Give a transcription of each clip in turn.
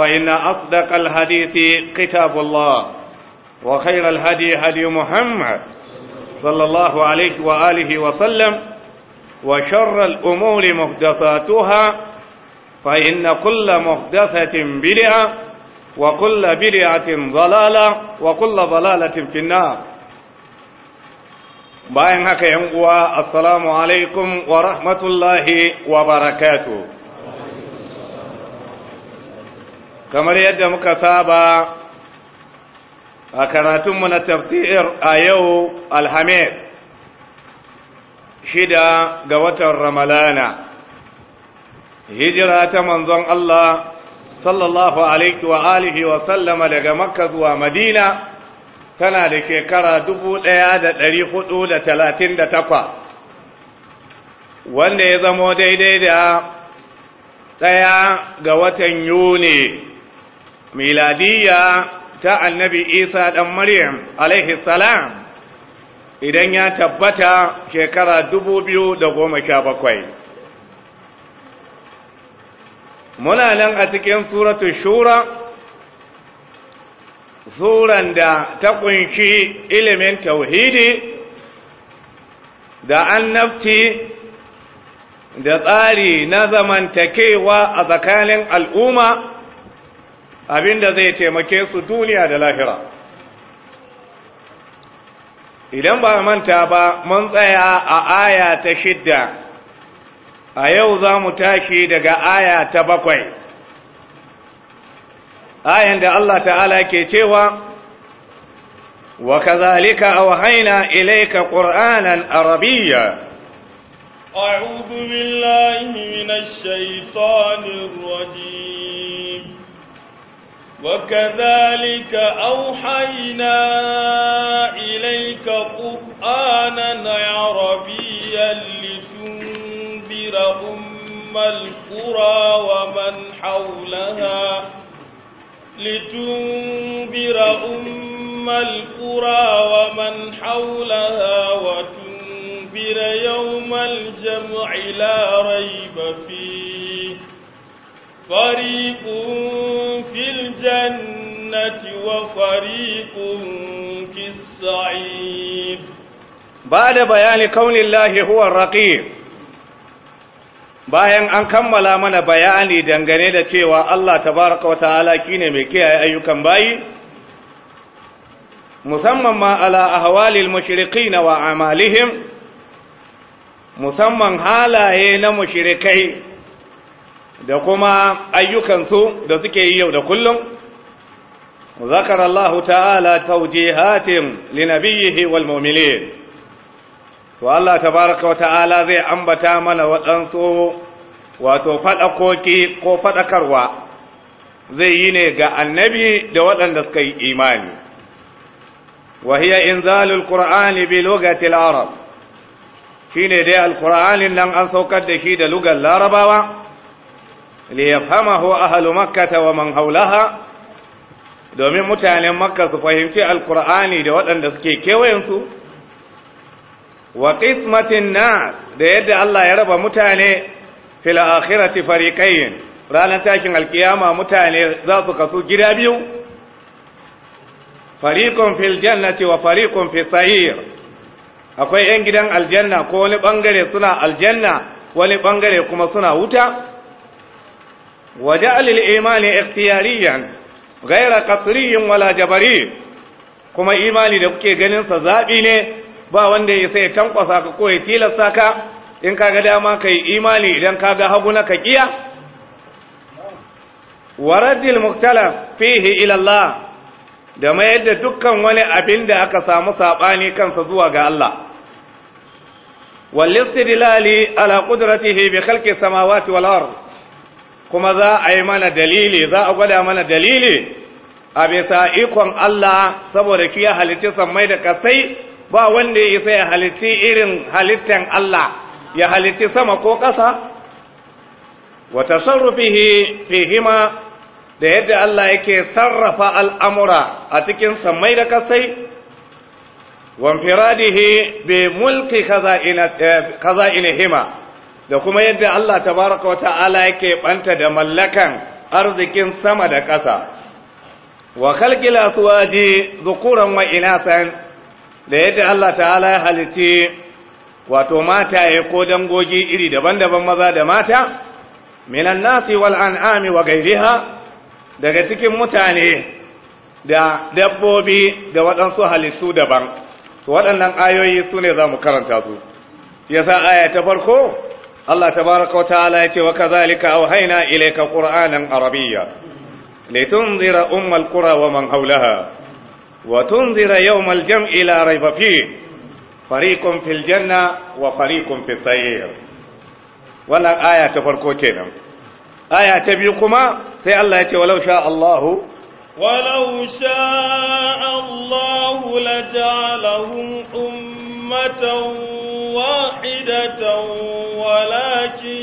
فإن أصدق الحديث كتاب الله وخير الهدي هدي محمد صلى الله عليه وآله وسلم وشر الأمور محدثاتها فإن كل محدثة بدعة وكل بدعة ضلالة وكل ضلالة في النار باين هكا السلام عليكم ورحمة الله وبركاته kamar yadda muka saba a karatunmu na tafsir a yau alhamis shida ga watan ramalana hijira ta manzon Allah sallallahu alaihi wa alihi wa sallama daga makka zuwa madina tana da shekara dubu ɗaya da ɗari huɗu da talatin da takwa wanda ya zamo daidai da ɗaya ga watan yuni miladiyya ta annabi isa ɗan maryam alaihi salam idan ya tabbata shekara bakwai. muna nan a cikin suratu shura suran da ta kunshi ilimin tauhidi da annabci da tsari na zamantakewa a tsakanin al'umma abinda zai taimake su duniya da lahira idan ba manta ba mun tsaya a aya ta shidda a yau za mu tashi daga aya ta bakwai ayan da Allah ta'ala ke cewa وكذلك أوحينا إليك قرآنا عربيا أعوذ بالله من الشيطان الرجيم وكذلك أوحينا إليك قرآنا عربيا لتنذر أم القرى ومن حولها لتنذر أم القرى ومن حولها وتنذر يوم الجمع لا ريب فيه فريق في الجنة وفريق في السعيد بعد بيان كون الله هو الرقيب bayan an kammala mana bayani dangane da cewa Allah tabaraka wa ta'ala kine mai kiyaye ayyukan bayi musamman ma ala ahwalil mushriqin wa amalihim musamman halaye na mushrikai da kuma ayyukansu da suke yi yau da kullum zakar Allah ta'ala tawjihatin li nabiyhi wal mu'minin to Allah tabaraka wa ta'ala zai ambata mana waɗansu wato fadakoki ko fadakarwa zai yi ne ga annabi da waɗanda suka yi imani wa hiya inzalul qur'ani bi lugati arab shine dai al nan an saukar da shi da lugar larabawa liyafhamahu ahlu makkata wa man haulaha domin mutanen makka su fahimci alkur'ani da waɗanda suke kewayensu wa qismatin nas da yadda Allah ya raba mutane fil akhirati fariqayn ranar takin alkiyama mutane za su kasu gida biyu fariqun fil jannati wa fariqun fis sa'ir akwai 'yan gidan aljanna ko wani bangare suna aljanna wani bangare kuma suna wuta وجعل الإيمان اختياريا غير قطري ولا جبري كما إيماني da kuke ganin sa zabi ne ba wanda ya sai tankwasa ka ko ya tilasta ka in ka ga dama kai imani idan ka hagu na ka kiya waradil muktala fihi ila Allah da mayar da dukkan wani abin da aka samu sabani kansa zuwa ga Allah wal istidlali ala qudratihi bi khalqi samawati wal ardh kuma za a yi mana dalili za a gwada mana dalili a bisa ikon Allah saboda ki ya halicci sammai da kasai ba wanda ya isa ya halicci irin halittan Allah ya halicci sama ko ƙasa wa tasarrufihi fihima da yadda Allah yake sarrafa al'amura a cikin sammai da kasai wa firadihi bi mulki eh, hima. da kuma yadda Allah tabaraka wa ta'ala yake ɓanta da mallakan arzikin sama da ƙasa wa khalqil aswaji zukuran wa inasan da yadda Allah ta'ala ya halitti wato mata mataye ko dangogi iri daban-daban maza da mata minan nasi wal an'ami wa ghayriha daga cikin mutane da dabbobi da waɗansu halittu daban waɗannan ayoyi su ne za mu karanta su yasa aya ta farko Allah tabaraka wa ta'ala yace wa kadhalika auhayna ilayka qur'anan arabiyya litunzira ummal qura wa man hawlaha wa tunzira yawmal jam'i la rayba fihi fariqun fil janna wa fariqun fis sayr wannan aya ta farko kenan aya ta biyu kuma sai Allah yace walau sha Allahu ولو شاء الله لجعلهم أمة واحدة ولكن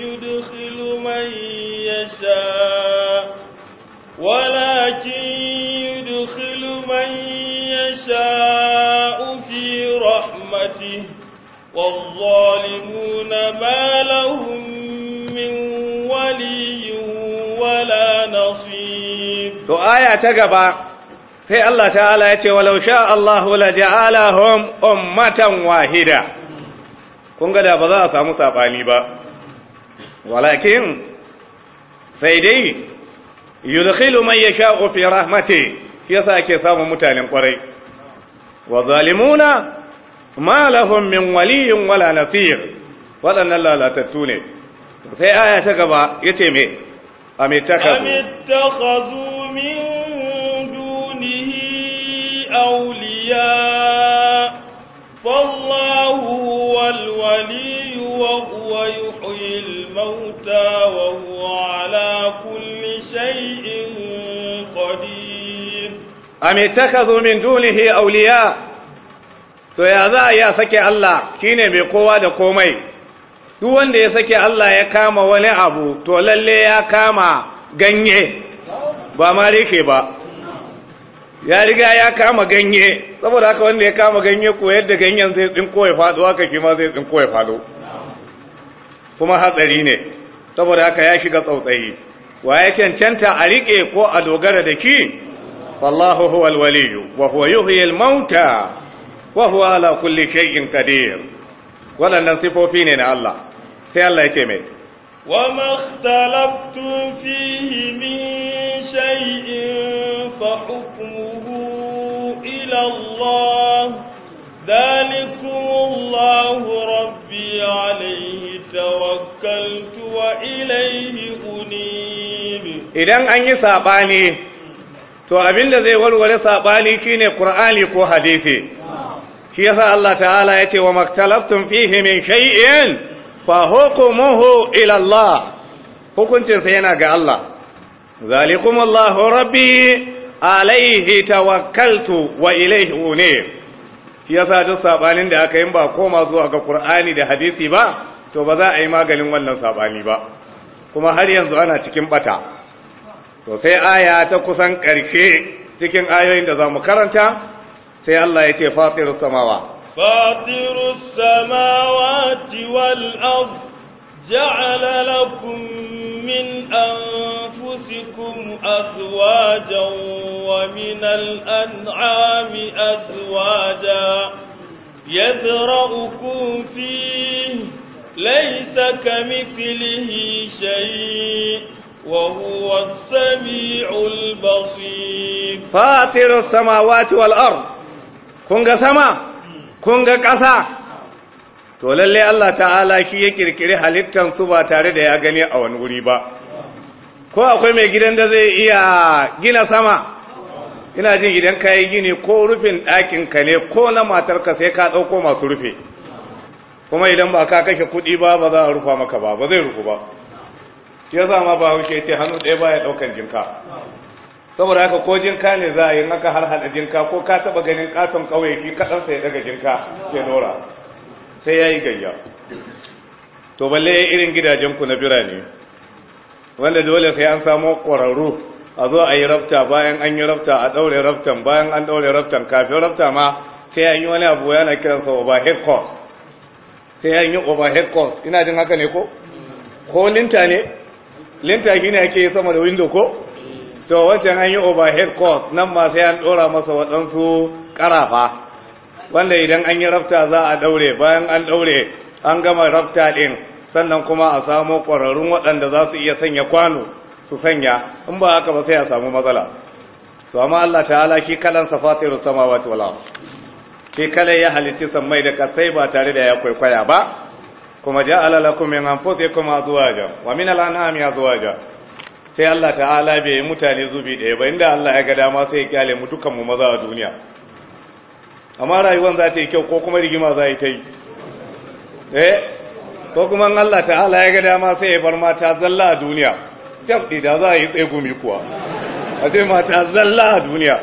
يدخل من يشاء ولكن يدخل من يشاء في رحمته والظالمون ما لهم to aya ta gaba sai Allah ta'ala ya ce walau sha Allahu la ja'alahum ummatan wahida kun ga da ba za a samu sabani ba walakin sai dai yudkhilu man yasha'u fi rahmati yasa ake samun mutanen kwarai wa zalimuna ma lahum min waliyyin wala nasir wadannan lalatattu ne sai aya ta gaba yace me amittakazu amittakazu من دونه أولياء فالله هو الولي وهو to ya za a ya sake Allah shine mai kowa da komai duk wanda ya sake Allah ya kama wani abu to lalle ya kama ganye ba ma rike ba ya riga ya kama ganye saboda haka wanda ya kama ganye ko yadda ganyen zai tsinko ya faɗo haka shi ma zai tsinko ya faɗo kuma hatsari ne saboda haka ya shiga tsautsayi wa ya cancanta a rike ko a dogara da ki wallahu huwal waliyu wa huwa yuhyi al mauta wa huwa ala kulli shay'in qadir waɗannan sifofi ne na Allah sai Allah ya ce mai وما اختلفتم فيه من شيء فحكمه إلى الله ذلكم الله ربي عليه توكلت وإليه أنيب إذن أن يسابعني to abin da zai warware saɓani shine Qur'ani ko hadisi shi yasa Allah ta'ala ya ce wa maktalaftum fihi min shay'in fa hukumuhu ila Allah hukuncinsa yana ga Allah zalikum Allahu rabbi alaihi tawakkaltu wa ilaihi unib shi yasa duk sabanin da aka yi ba koma zuwa ga Qur'ani da hadisi ba to ba za a yi maganin wannan saɓani ba kuma har yanzu ana cikin bata to sai aya ta kusan ƙarshe cikin ayoyin da zamu karanta sai Allah ya ce fatirus samawa فاطر السماوات والأرض جعل لكم من أنفسكم أزواجا ومن الأنعام أزواجا يذرأكم فيه ليس كمثله شيء وهو السميع البصير فاطر السماوات والأرض كنغ سما kun ga ƙasa to lalle Allah ta'ala shi ya kirkiri halittan su ba tare da ya gani a wani wuri ba ko akwai mai gidan da zai iya gina sama ina jin idan ka yi gini ko rufin ɗakin ka ne ko na matarka sai ka ɗauko masu rufe kuma idan ba ka kashe kuɗi ba ba za a rufa maka ba ba zai rufu ba shi ya ma ba wuce ce hannu ɗaya ba ya ɗaukan jinka saboda haka ko jinka ne za a yi aka har hada jinka ko ka taba ganin katon kawai ki kadan sai daga jinka ke dora sai ya yi gayya to balle ya irin gidajen ku na birane wanda dole sai an samu kwararru a zo a yi rafta bayan an yi rafta a daure raftan bayan an daure raftan kafin rafta ma sai an yi wani abu yana kiransa oba headcourt sai an yi oba headcourt ina jin haka ne ko ko linta ne linta gina yi sama da window ko to wancan an yi overhead court nan ma sai an ɗora masa waɗansu ƙarafa wanda idan an yi rafta za a daure bayan an daure an gama rafta ɗin sannan kuma a samo ƙwararrun waɗanda za su iya sanya kwano su sanya in ba haka ba sai a samu matsala to amma Allah ta'ala shi kalan safatiru samawati wal ardh shi kala ya halitti sammai da kasai ba tare da ya kwaikwaya ba kuma ja'ala lakum min anfusikum azwaja wa min al-an'ami azwaja sai Allah ta'ala bai yi mutane zubi ɗaya ba inda Allah ya ga dama sai ya kyale mu dukan maza a duniya amma rayuwar za ta yi kyau ko kuma rigima za ta yi eh ko kuma Allah ta'ala ya ga dama sai ya bar mata zalla a duniya jam da za a yi tsegumi kuwa a sai mata zalla a duniya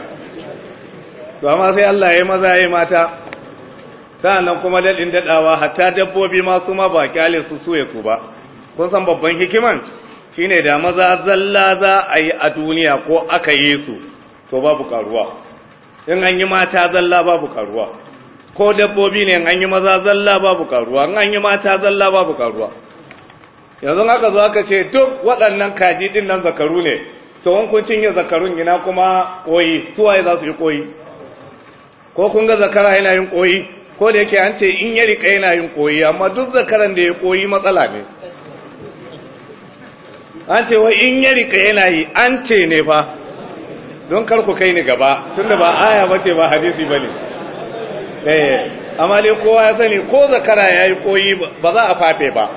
to amma sai Allah ya yi maza ya yi mata sa'annan kuma daɗin daɗawa hatta dabbobi ma su ma ba kyale su ya su ba kun san babban hikiman shine da maza zalla za a yi a duniya ko aka yi su to babu karuwa in an yi mata zalla babu karuwa ko dabbobi ne in an yi maza zalla babu karuwa in an yi mata zalla babu karuwa yanzu haka zo aka ce duk waɗannan kaji din nan zakaru ne to in kun cinye zakarun ina kuma koyi suwaye za su yi koyi ko kun ga zakara yana yin koyi ko da yake an ce in ya rika yana yin koyi amma duk zakaran da ya koyi matsala ne an ce wai in yari ka yana yi an ce ne fa don karku kai ni gaba tun da ba aya ce ba hadisi bane eh amma dai kowa ya sani ko zakara ya yi koyi ba za a fafe ba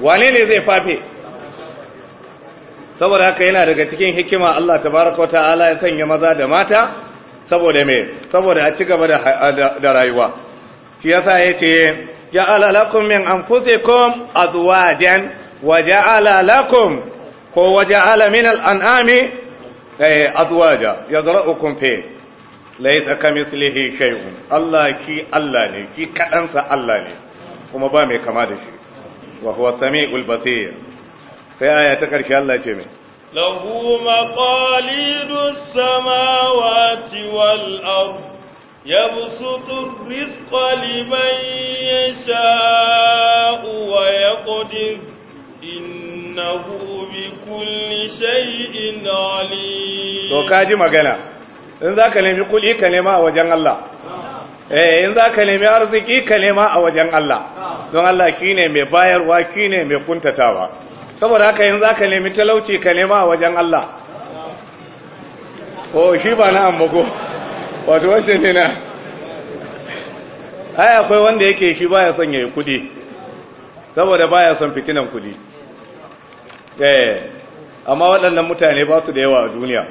wane ne zai fafe saboda haka yana daga cikin hikima Allah wata ta'ala ya sanya maza da mata saboda mai saboda a ci gaba da rayuwa shi yasa yace ja'ala lakum min anfusikum jan. وجعل لكم وجعل من الأنعام أزواجا يزرعكم فيه ليس كمثله شيء الله كي الله لي كي كأنسى الله لي وما بامي كما دشي وهو السميع البصير في آية تكرش الله جميع له مقاليد السماوات والأرض يبسط الرزق لمن يشاء ويقدر innahu bi kulli shay'in alim to ji magana in zaka nemi kuli ka nema a wajen Allah eh in zaka nemi arziki ka nema a wajen Allah don Allah kine mai bayarwa kine mai kuntatawa saboda haka in zaka nemi talauci ka nema a wajen Allah oh shi ba na ambago wato wace ne na ai akwai wanda yake shi baya son yayi kudi saboda baya son fitinan kudi Eh, amma waɗannan mutane ba su da yawa a duniya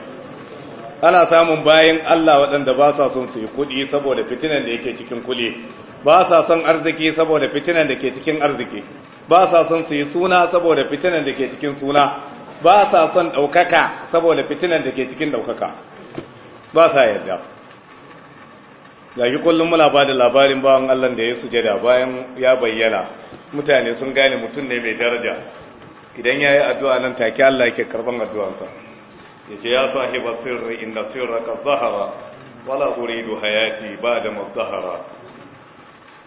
ana samun bayan Allah waɗanda ba sa son su yi kuɗi saboda fitinan da yake cikin kuli, ba sa son arziki saboda fitinan da ke cikin arziki ba sa son su yi suna saboda fitinan da ke cikin suna ba sa son ɗaukaka saboda fitinan da ke cikin ɗaukaka ba sa yarda gashi kullum muna ba da labarin bawan Allah da ya sujada bayan ya bayyana mutane sun gane mutum ne mai daraja idan ya yi addu'a nan take Allah yake karban addu'ansa ya ce ya sahiba sirri inda sirra ka zahara wala uridu hayati ba da mazahara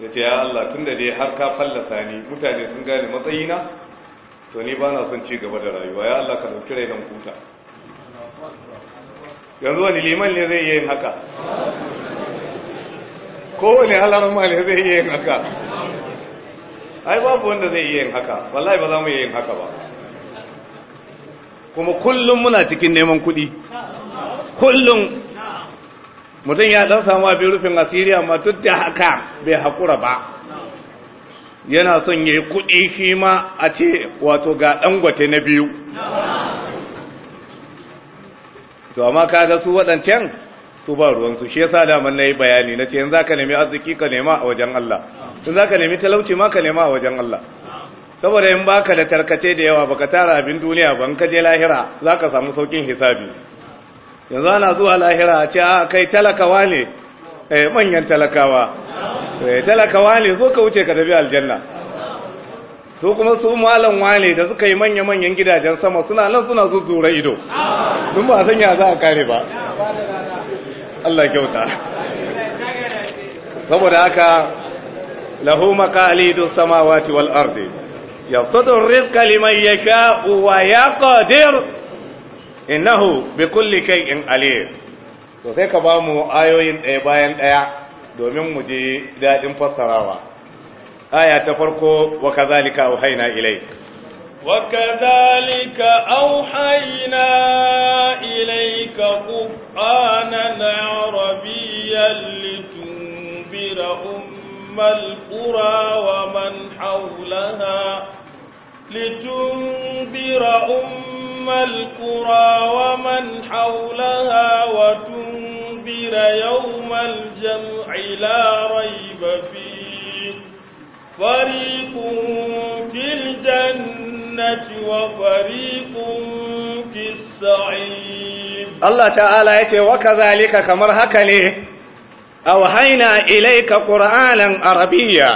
ya ce ya Allah tun da dai har ka fallasa ni mutane sun gane matsayina to ni ba na son ci gaba da rayuwa ya Allah ka ɗauki rai don kuta yanzu wani liman ne zai yi haka kowane halar ne zai yi haka ai babu wanda zai yi yin haka wallahi ba za mu yi yin haka ba kuma kullum muna cikin neman kuɗi kullum mutum ya dan samu abin rufin asiri amma duk da haka bai hakura ba yana son ya yi kuɗi shi ma a ce wato ga ɗangwate na biyu to amma ga su waɗancan su ba ruwansu shi yasa daman na yi bayani na ce yanzu ka nemi arziki ka nema a wajen Allah in za ka nemi talauci ma ka nema a wajen Allah saboda in baka da tarkace da yawa baka tara abin duniya ban ka je lahira za ka samu saukin hisabi yanzu ana zuwa lahira a ce a ah, kai talakawa ne eh manyan talakawa eh, talakawa ne zo ka wuce ka tafi aljanna su kuma su malam wane da suka yi manya-manyan gidajen sama suna nan suna zuzura ido sun ba sanya za a kare ba Allah kyauta saboda haka lahu maqalidu samawati wal ardi yabsutu rizqa liman ya wa yaqdir innahu bikulli shay'in alim to sai ka bamu ayoyin ɗaya bayan ɗaya domin mu je daɗin fassarawa aya ta farko wa kazalika auhayna ilayka وكذلك أوحينا إليك قرآنا عربيا لتنذر أم أم القرى ومن حولها لتنذر أم القرى ومن حولها وتنذر يوم الجمع لا ريب فيه فريق في الجنة وفريق في السعيد الله تعالى يتي وكذلك كمر هكذا awhayna ilayka qur'anan arabiya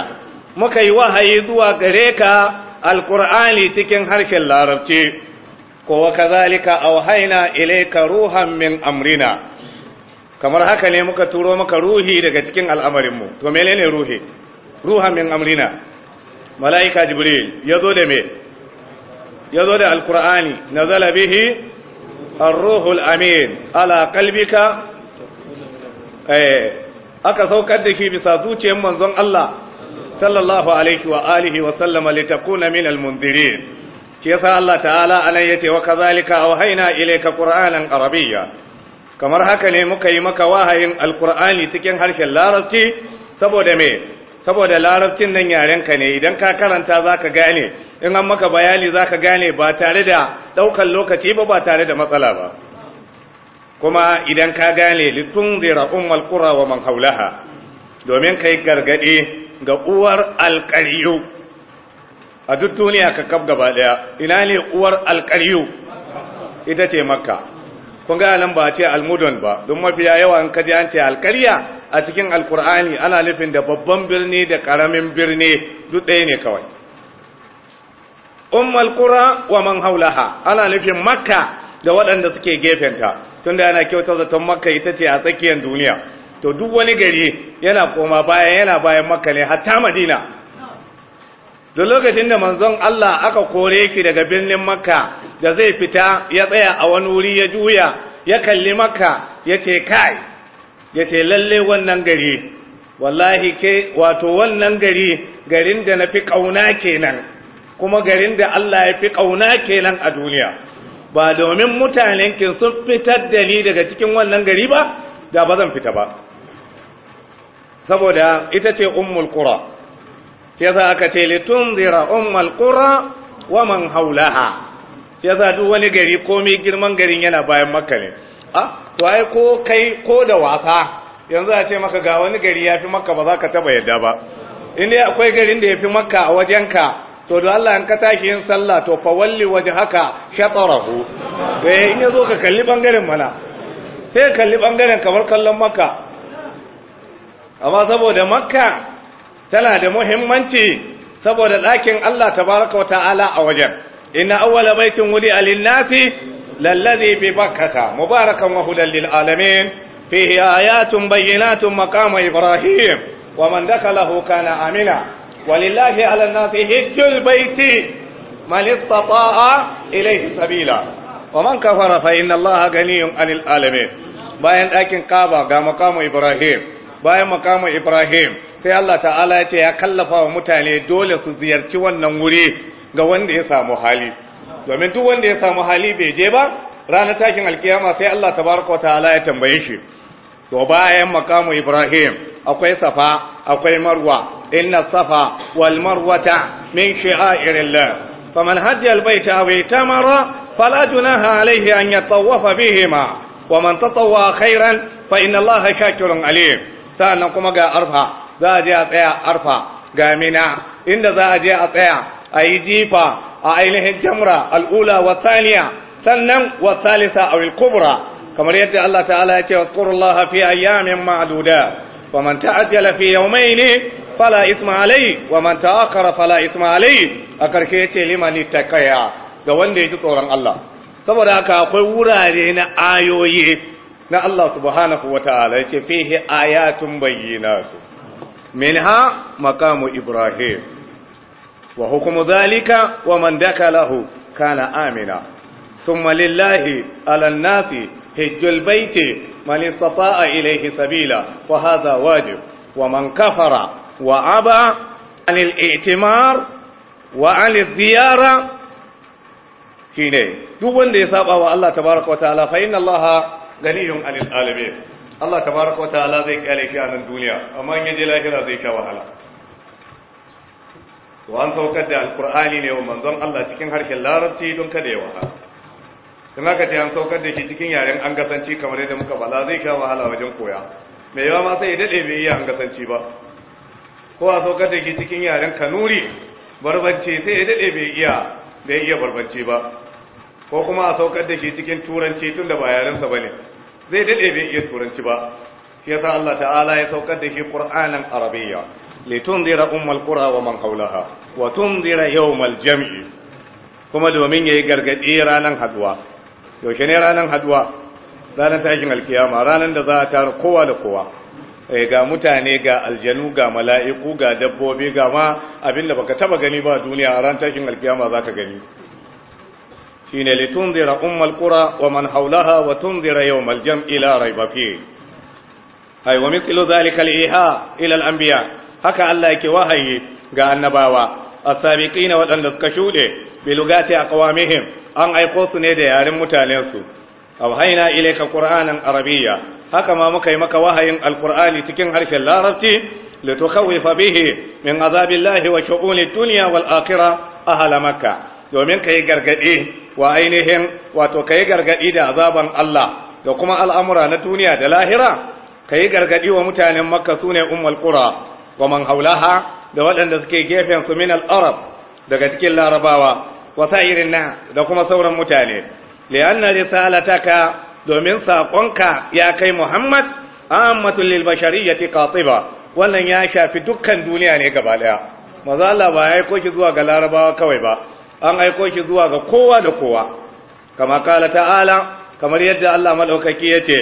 muka yi wahayi zuwa gare ka alqur'ani cikin harshen larabci ko wa kadhalika awhayna ilayka ruhan min amrina kamar haka ne muka turo maka ruhi daga cikin al'amarinmu to menene ruhi ruhan min amrina mala'ika jibril yazo da me yazo da alqur'ani nazala bihi الروح الأمين على قلبك أيه aka saukar da shi bisa zuciyar manzon Allah sallallahu alaihi wa alihi wa sallama takuna min mundirin shi yasa Allah ta'ala anan yace wa kazalika awhayna ilayka qur'anan arabiyya kamar haka ne muka yi maka wahayin alqur'ani cikin harshen larabci saboda me saboda larabcin nan yaren ka ne idan ka karanta zaka gane in an maka bayani zaka gane ba tare da daukar lokaci ba ba tare da matsala ba kuma idan ka gane zira ummul qura wa man haulaha domin kai gargade ga uwar alqaryu a duk duniya ka kaf gaba daya ina ne uwar alqaryu ita ce makka kun ga nan ba ce almudun ba don mafiya yawa in ka ji an ce alqarya a cikin alqur'ani ana nufin da babban birni da karamin birni duk ɗaya ne kawai ummul qura wa man haulaha ana nufin makka da waɗanda suke gefenta tunda yana kyauta zaton makka ita ce a tsakiyar duniya to duk wani gari yana koma bayan yana bayan maka ne hatta madina da lokacin da manzon Allah aka kore ki daga birnin makka da zai fita ya tsaya a wani wuri ya juya ya kalli maka, ya ce kai ya ce lalle wannan gari wallahi ke wato wannan gari garin da na fi ƙauna kenan kuma garin da Allah ya fi ƙauna kenan a duniya ba domin mutanen kin sun fitar da ni daga cikin wannan gari ba da ba zan fita ba saboda ita ce ummul qura za ka ce litunzira ummul qura wa man haulaha za duk wani gari komai girman garin yana bayan makka ne a ah, to ai ko kai ko da wasa yanzu a ce maka ga wani gari ya fi makka ba za ka taba yadda ba in akwai garin da ya fi makka a wajenka to da Allah in ka tashi yin sallah to fa walli wajhaka shatarahu eh in yazo ka kalli bangaren mana sai kalli bangaren kamar kallon makka amma saboda makka tana da muhimmanci saboda ɗakin Allah tabaraka wa ta'ala a wajen inna awwala baitin wudi alinnasi lallazi bi bakkata mubarakan wa hudan lil alamin fihi ayatun bayyinatun maqama ibrahim wa man dakalahu kana amina walillahi على الناس حج baiti من استطاع ilayhi sabila ومن man kafara الله غني عن العالمين bayan ɗakin kaba ga makamu ibrahim bayan makamu ibrahim sai Allah ta'ala ya ce ya kallafa wa mutane dole su ziyarci wannan wuri ga wanda ya samu hali domin duk wanda ya samu hali bai je ba ranar takin alkiyama sai Allah tabaraka wa ta'ala ya tambaye shi to bayan makamu ibrahim akwai safa akwai marwa إن الصفا والمروة من شعائر الله فمن هدي البيت أو ائتمر فلا جناح عليه أن يطوف بهما ومن تطوى خيرا فإن الله شاكر عليم سألنا كما قال أرفع ذا جاء أرفع قامنا إن ذا جاء أي جيفا أينه الجمرة الأولى والثانية سنن والثالثة أو الكبرى كما يدعي الله تعالى يتي واذكروا الله في أيام معدودات ومن تعجل في يومين fala ismalai wa man ta'akhara fala isma a karshe yace limani takaya ga wanda yaji tsoron Allah saboda haka akwai wurare na ayoyi na Allah subhanahu wataala yace fihi ayatun bayyinatu minha maqamu ibrahim wa hukmu zalika wa man dakalahu kana amina ثم لله على الناس حج البيت من sabila إليه سبيلا وهذا واجب ومن كفر وأبى عن الاعتمار وعن الزيارة shine duk wanda ya saba wa Allah tabaraka wataala fa inna Allah ganiyun anil Allah tabaraka wataala zai kyale shi a nan duniya amma in yaje lahira zai sha wahala to an saukar da alqur'ani ne wa manzon Allah cikin don kada ya wahala kuma kace an saukar da shi cikin yaren an gasanci kamar yadda muka bala zai sha wahala wajen koya me yawa ma sai ya daɗe bai iya an gasanci ba ko a saukar da ke cikin yaren kanuri barbance sai ya daɗe bai iya bai iya barbance ba ko kuma a saukar da ke cikin turanci tun da ba yarensa ba ne zai daɗe bai iya turanci ba shi yasa Allah ta'ala ya saukar da ke arabiya li litundira ummul qura wa man hau wa tundira yawmal jam'i kuma domin yayi gargadi ranar haduwa yaushe ne ranar haduwa ranan tashin alkiyama ranar da za a tara kowa da kowa Eh, ga mutane ga aljanu ga mala'iku ga dabbobi ga ma abinda baka taba gani ba duniya a ran tashin alkiyama zaka gani shine tunzira ummal qura wa man hawlaha wa tunzira yawmal jam'i la rayba fi ay wa mithlu dhalika al-iha ila al-anbiya haka Allah yake wahayi ga annabawa as-sabiqina wadanda suka shude bi lugati aqwamihim an aiko su ne da yaren mutanensu awhayna ilayka qur'anan arabiyya haka ma muka yi maka wahayin alkur'ani cikin harshen larabci litukhawifa bihi min azabillahi wa shu'uni duniya wal akira a halamaka. domin yi gargadi wa ainihin wato yi gargadi da azaban Allah da kuma al'amura na duniya da lahira yi gargadi wa mutanen makka sune ummal kura wa man haulaha da waɗanda suke gefen su min al-arab daga cikin larabawa wa sa'irin na da kuma sauran mutane li'anna risalataka domin saƙonka ya kai Muhammad ammatul lil bashariyati qatiba wannan ya shafi dukkan duniya ne gaba daya mazala ba ya aiko shi zuwa ga larabawa kawai ba an aiko shi zuwa ga kowa da kowa kama kala ta'ala kamar yadda Allah madaukaki yace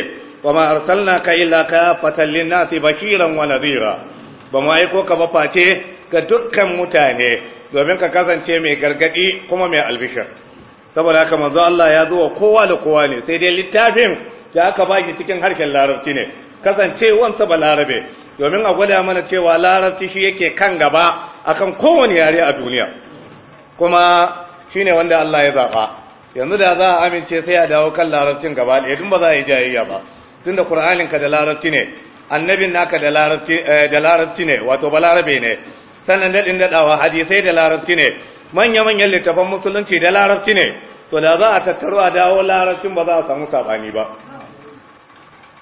wa ma ka illa ka lin nasi bashiran wa nadira ba mu aiko ka ba face ga dukkan mutane domin ka kasance mai gargadi kuma mai albishir saboda haka manzo Allah ya zo wa kowa da kowa ne sai dai littafin da aka baki cikin harshen larabci ne kasancewansa ba larabe domin a gwada mana cewa larabci shi yake kan gaba akan kowane yare a duniya kuma shine wanda Allah ya zaba yanzu da za a amince sai a dawo kan larabcin gaba ɗaya dun ba za a yi jayayya ba tunda Qur'anin ka da larabci ne annabin naka da larabci eh, da larabci ne wato ba larabe ne sannan da hadisai da larabci ne manya manyan littafan musulunci da larabci ne to da za a tattaro a dawo larabcin ba za a samu saɓani ba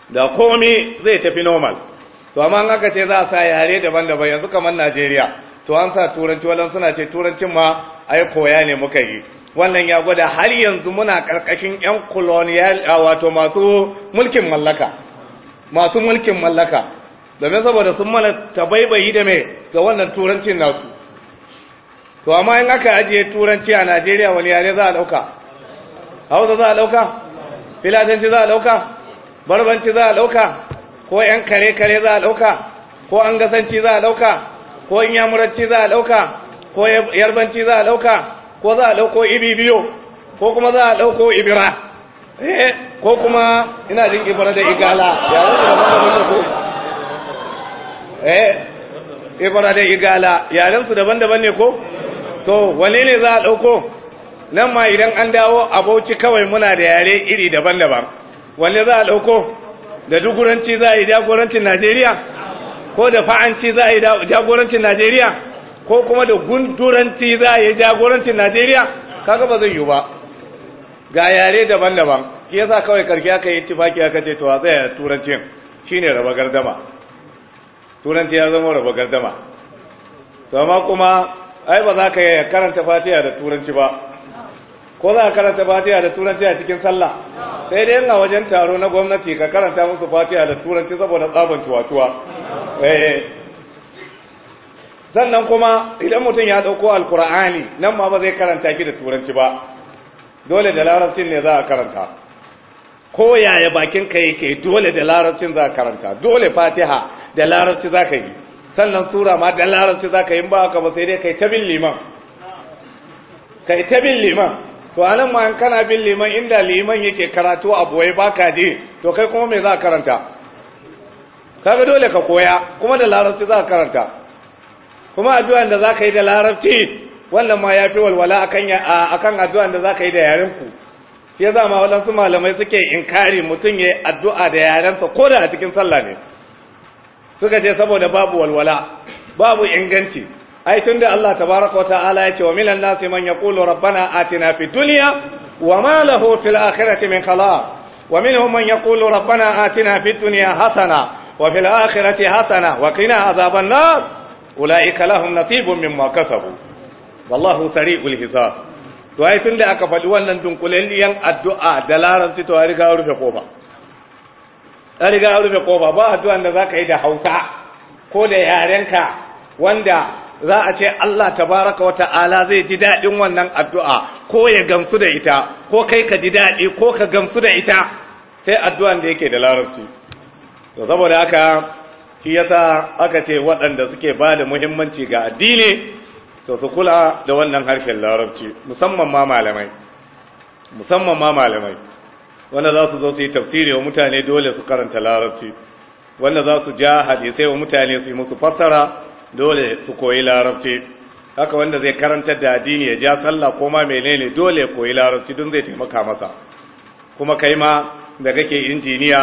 da komi zai tafi normal to amma an aka ce za a sa yare daban-daban yanzu kamar najeriya to an sa turanci walan suna ce turancin ma a yi koya ne muka yi wannan ya gwada har yanzu muna karkashin yan colonial wato masu mulkin mallaka masu mulkin mallaka domin saboda sun mana tabaibayi da mai ga wannan turancin nasu to amma in aka ajiye turanci a najeriya wani yare za a ɗauka hausa za a ɗauka filatanci za a ɗauka barbanci za a ɗauka ko ‘yan kare-kare za a ɗauka ko an gasanci za a ɗauka ko in yamuranci za a ɗauka ko yarbanci za a ɗauka ko za a ɗauko biyo? ko kuma za a ɗauko ibira eh ko kuma ina jin ibira da igala ya zama da ko eh ibara eh, da igala yarensu daban-daban ne ko to wane ne za a ɗauko nan ma idan an dawo abauci kawai muna da yare iri daban-daban Wane za a ɗauko da duguranci za a yi jagorancin najeriya ko da fa'anci za a yi jagorancin najeriya ko kuma da gunduranci za a yi jagorancin najeriya kaga ba zai yiwu ba ga yare daban-daban yasa kawai karki aka yi tifaki aka ce to a tsaya turancin shine raba gardama turanci ya zama raba gardama to amma kuma ai ba za ka karanta fatiha da turanci ba ko za ka karanta fatiha da turanci a cikin sallah sai dai ina wajen taro na gwamnati ka karanta musu fatiha da turanci saboda tsaban tuwatuwa eh, eh. sannan kuma idan mutum ya dauko alkur'ani nan ma ba zai karanta ki da turanci ba dole da larabcin ne za a karanta ko yaya bakin ka yake dole da larabcin za ka karanta dole fatiha da larabci za ka yi sannan sura ma da larabci za ka yi ba ka ba sai dai kai ta bin liman kai ta bin liman to anan ma kana bin liman inda liman yake karatu a boye baka je to kai kuma me za ka karanta kaga dole ka koya kuma da larabci za ka karanta kuma addu'an da za ka yi da larabci wannan ma ya fi walwala akan akan addu'an da za ka yi da yarenku ya zama waɗansu malamai suke inkari mutum ya yi addu'a da yarensa ko da a cikin sallah ne suka ce saboda babu walwala babu inganci ai tun da Allah tabaraka wa ta'ala ya ce wa milan nasi man yaqulu rabbana atina fi duniya. wa ma lahu fil akhirati min khalaq wa minhum man yaqulu rabbana atina fi duniya. hasana wa fil akhirati hasana wa qina azaban nar ulaika lahum nasibun mimma kasabu wallahu sari'ul hisab to ai tun da aka faɗi wannan dunkulalliyan addu'a da larabci to ai riga rufe koba ai riga rufe koba ba addu'an da zaka yi da hauta ko da yarenka wanda za a ce Allah tabaraka wa ta'ala zai ji daɗin wannan addu'a ko ya gamsu da ita ko kai ka ji daɗi ko ka gamsu da ita sai addu'an da yake da larabci to saboda haka shi yasa aka ce waɗanda suke ba da muhimmanci ga addini to su kula da wannan harshen larabci musamman ma malamai musamman ma malamai wanda za su zo su yi tafsiri wa mutane dole su karanta larabci wanda za su ja hadisai wa mutane su yi musu fassara dole su koyi larabci haka wanda zai karanta da addini ya ja sallah ko ma menene dole ya koyi larabci don zai taimaka masa kuma kai ma da kake injiniya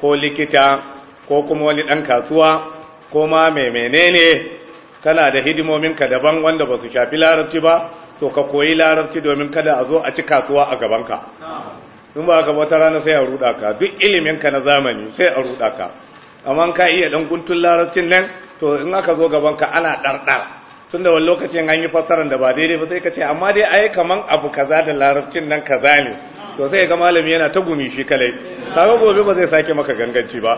ko likita ko kuma wani ɗan kasuwa ko ma mai menene kana da hidimomin ka daban wanda ba su shafi larabci ba to ka koyi larabci domin kada a zo a ci kasuwa a gabanka in ba ka wata rana sai a ruda ka duk iliminka na zamani sai a ruda ka amma ka iya ɗan guntun larabcin nan to in aka zo gabanka ana dardar tun da wani lokacin an yi fassarar da ba daidai ba sai ka ce amma dai ai kaman abu kaza da larabcin nan kaza ne to sai ga malami yana ta gumi shi kalai kaga gobe ba zai sake maka ganganci ba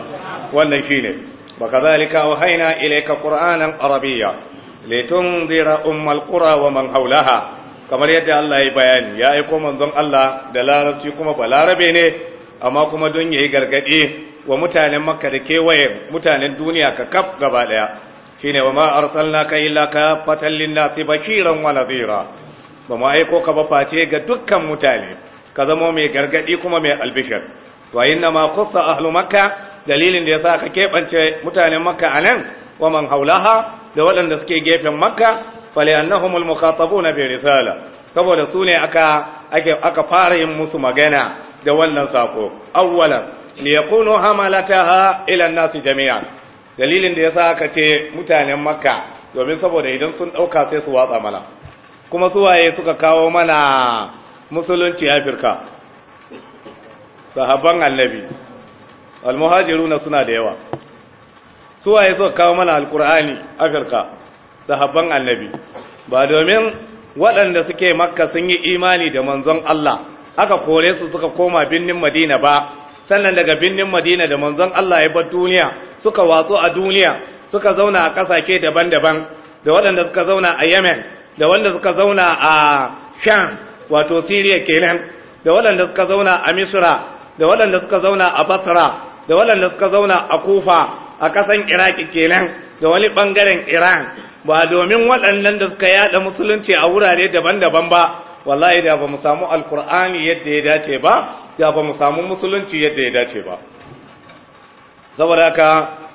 wannan shine wa kadhalika ilaika ilayka qur'anan arabiyya litunzira ummal qura wa man hawlaha kamar yadda Allah ya bayani ya aiko manzon Allah da larabci kuma ba larabe ne amma kuma don yayi gargadi wa mutanen Makka da kewaye mutanen duniya ka kaf gaba daya shine wa ma arsalnaka illa ka fatallin linnasi bashiran wa nadira ba mu aiko ka ba face ga dukkan mutane ka zama mai gargadi kuma mai albishir wa inna ma kusa ahlu makka dalilin da ya sa ka keɓance mutanen makka nan? wa man haulaha da waɗanda suke gefen makka fali annahumul na bi risala saboda su ne aka fara yin musu magana da wannan sako awwalan li yakunu hamalataha ila an-nas jami'an dalilin da ya yasa ka ce mutanen makka domin saboda idan sun ɗauka sai su watsa mana kuma su waye suka kawo mana musulunci ya firka sahabban annabi almuhajiruna suna da yawa su waye suka kawo mana alkur'ani afirka sahabban annabi ba domin waɗanda suke makka sun yi imani da manzon Allah aka kore su suka koma binnin madina ba sannan daga binnin madina da manzon Allah ya bar duniya suka watsu a duniya suka zauna a ƙasashe daban-daban da waɗanda suka zauna a yemen da wanda suka zauna a sham wato Siriya kenan da waɗanda suka zauna a Misra da waɗanda suka zauna a Basra da waɗanda suka zauna a Kufa a ƙasan Iraki kenan da wani ɓangaren Iran ba domin waɗannan da suka yaɗa musulunci a wurare daban-daban ba wallahi da ba mu samu alkur'ani yadda ya dace ba da ba mu samu musulunci yadda ya dace ba saboda haka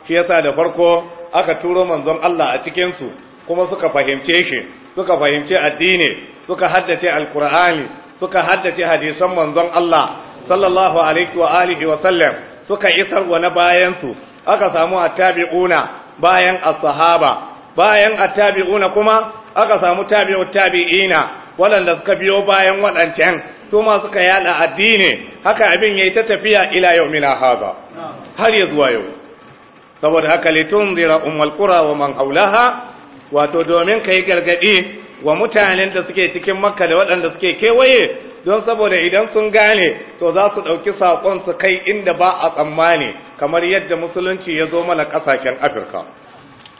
shi yasa da farko aka turo manzon Allah a cikinsu kuma suka fahimce shi suka fahimci addini suka haddace alkur'ani suka haddace hadisan manzon Allah sallallahu alaihi wa alihi wa sallam suka isar wa na bayan su aka samu attabi'una bayan as-sahaba bayan attabi'una kuma aka samu tabi'ut tabi'ina waɗanda suka biyo bayan waɗancan su ma suka yada addini haka abin yayi ta tafiya ila yaumina hada har ya zuwa yau saboda haka litunzira ummul qura wa man haulaha wato domin ka yi gargaɗi wa mutanen da suke cikin makka da waɗanda suke kewaye don saboda idan sun gane to za su ɗauki saƙon su kai inda ba a tsammani kamar yadda musulunci ya zo mana ƙasashen afirka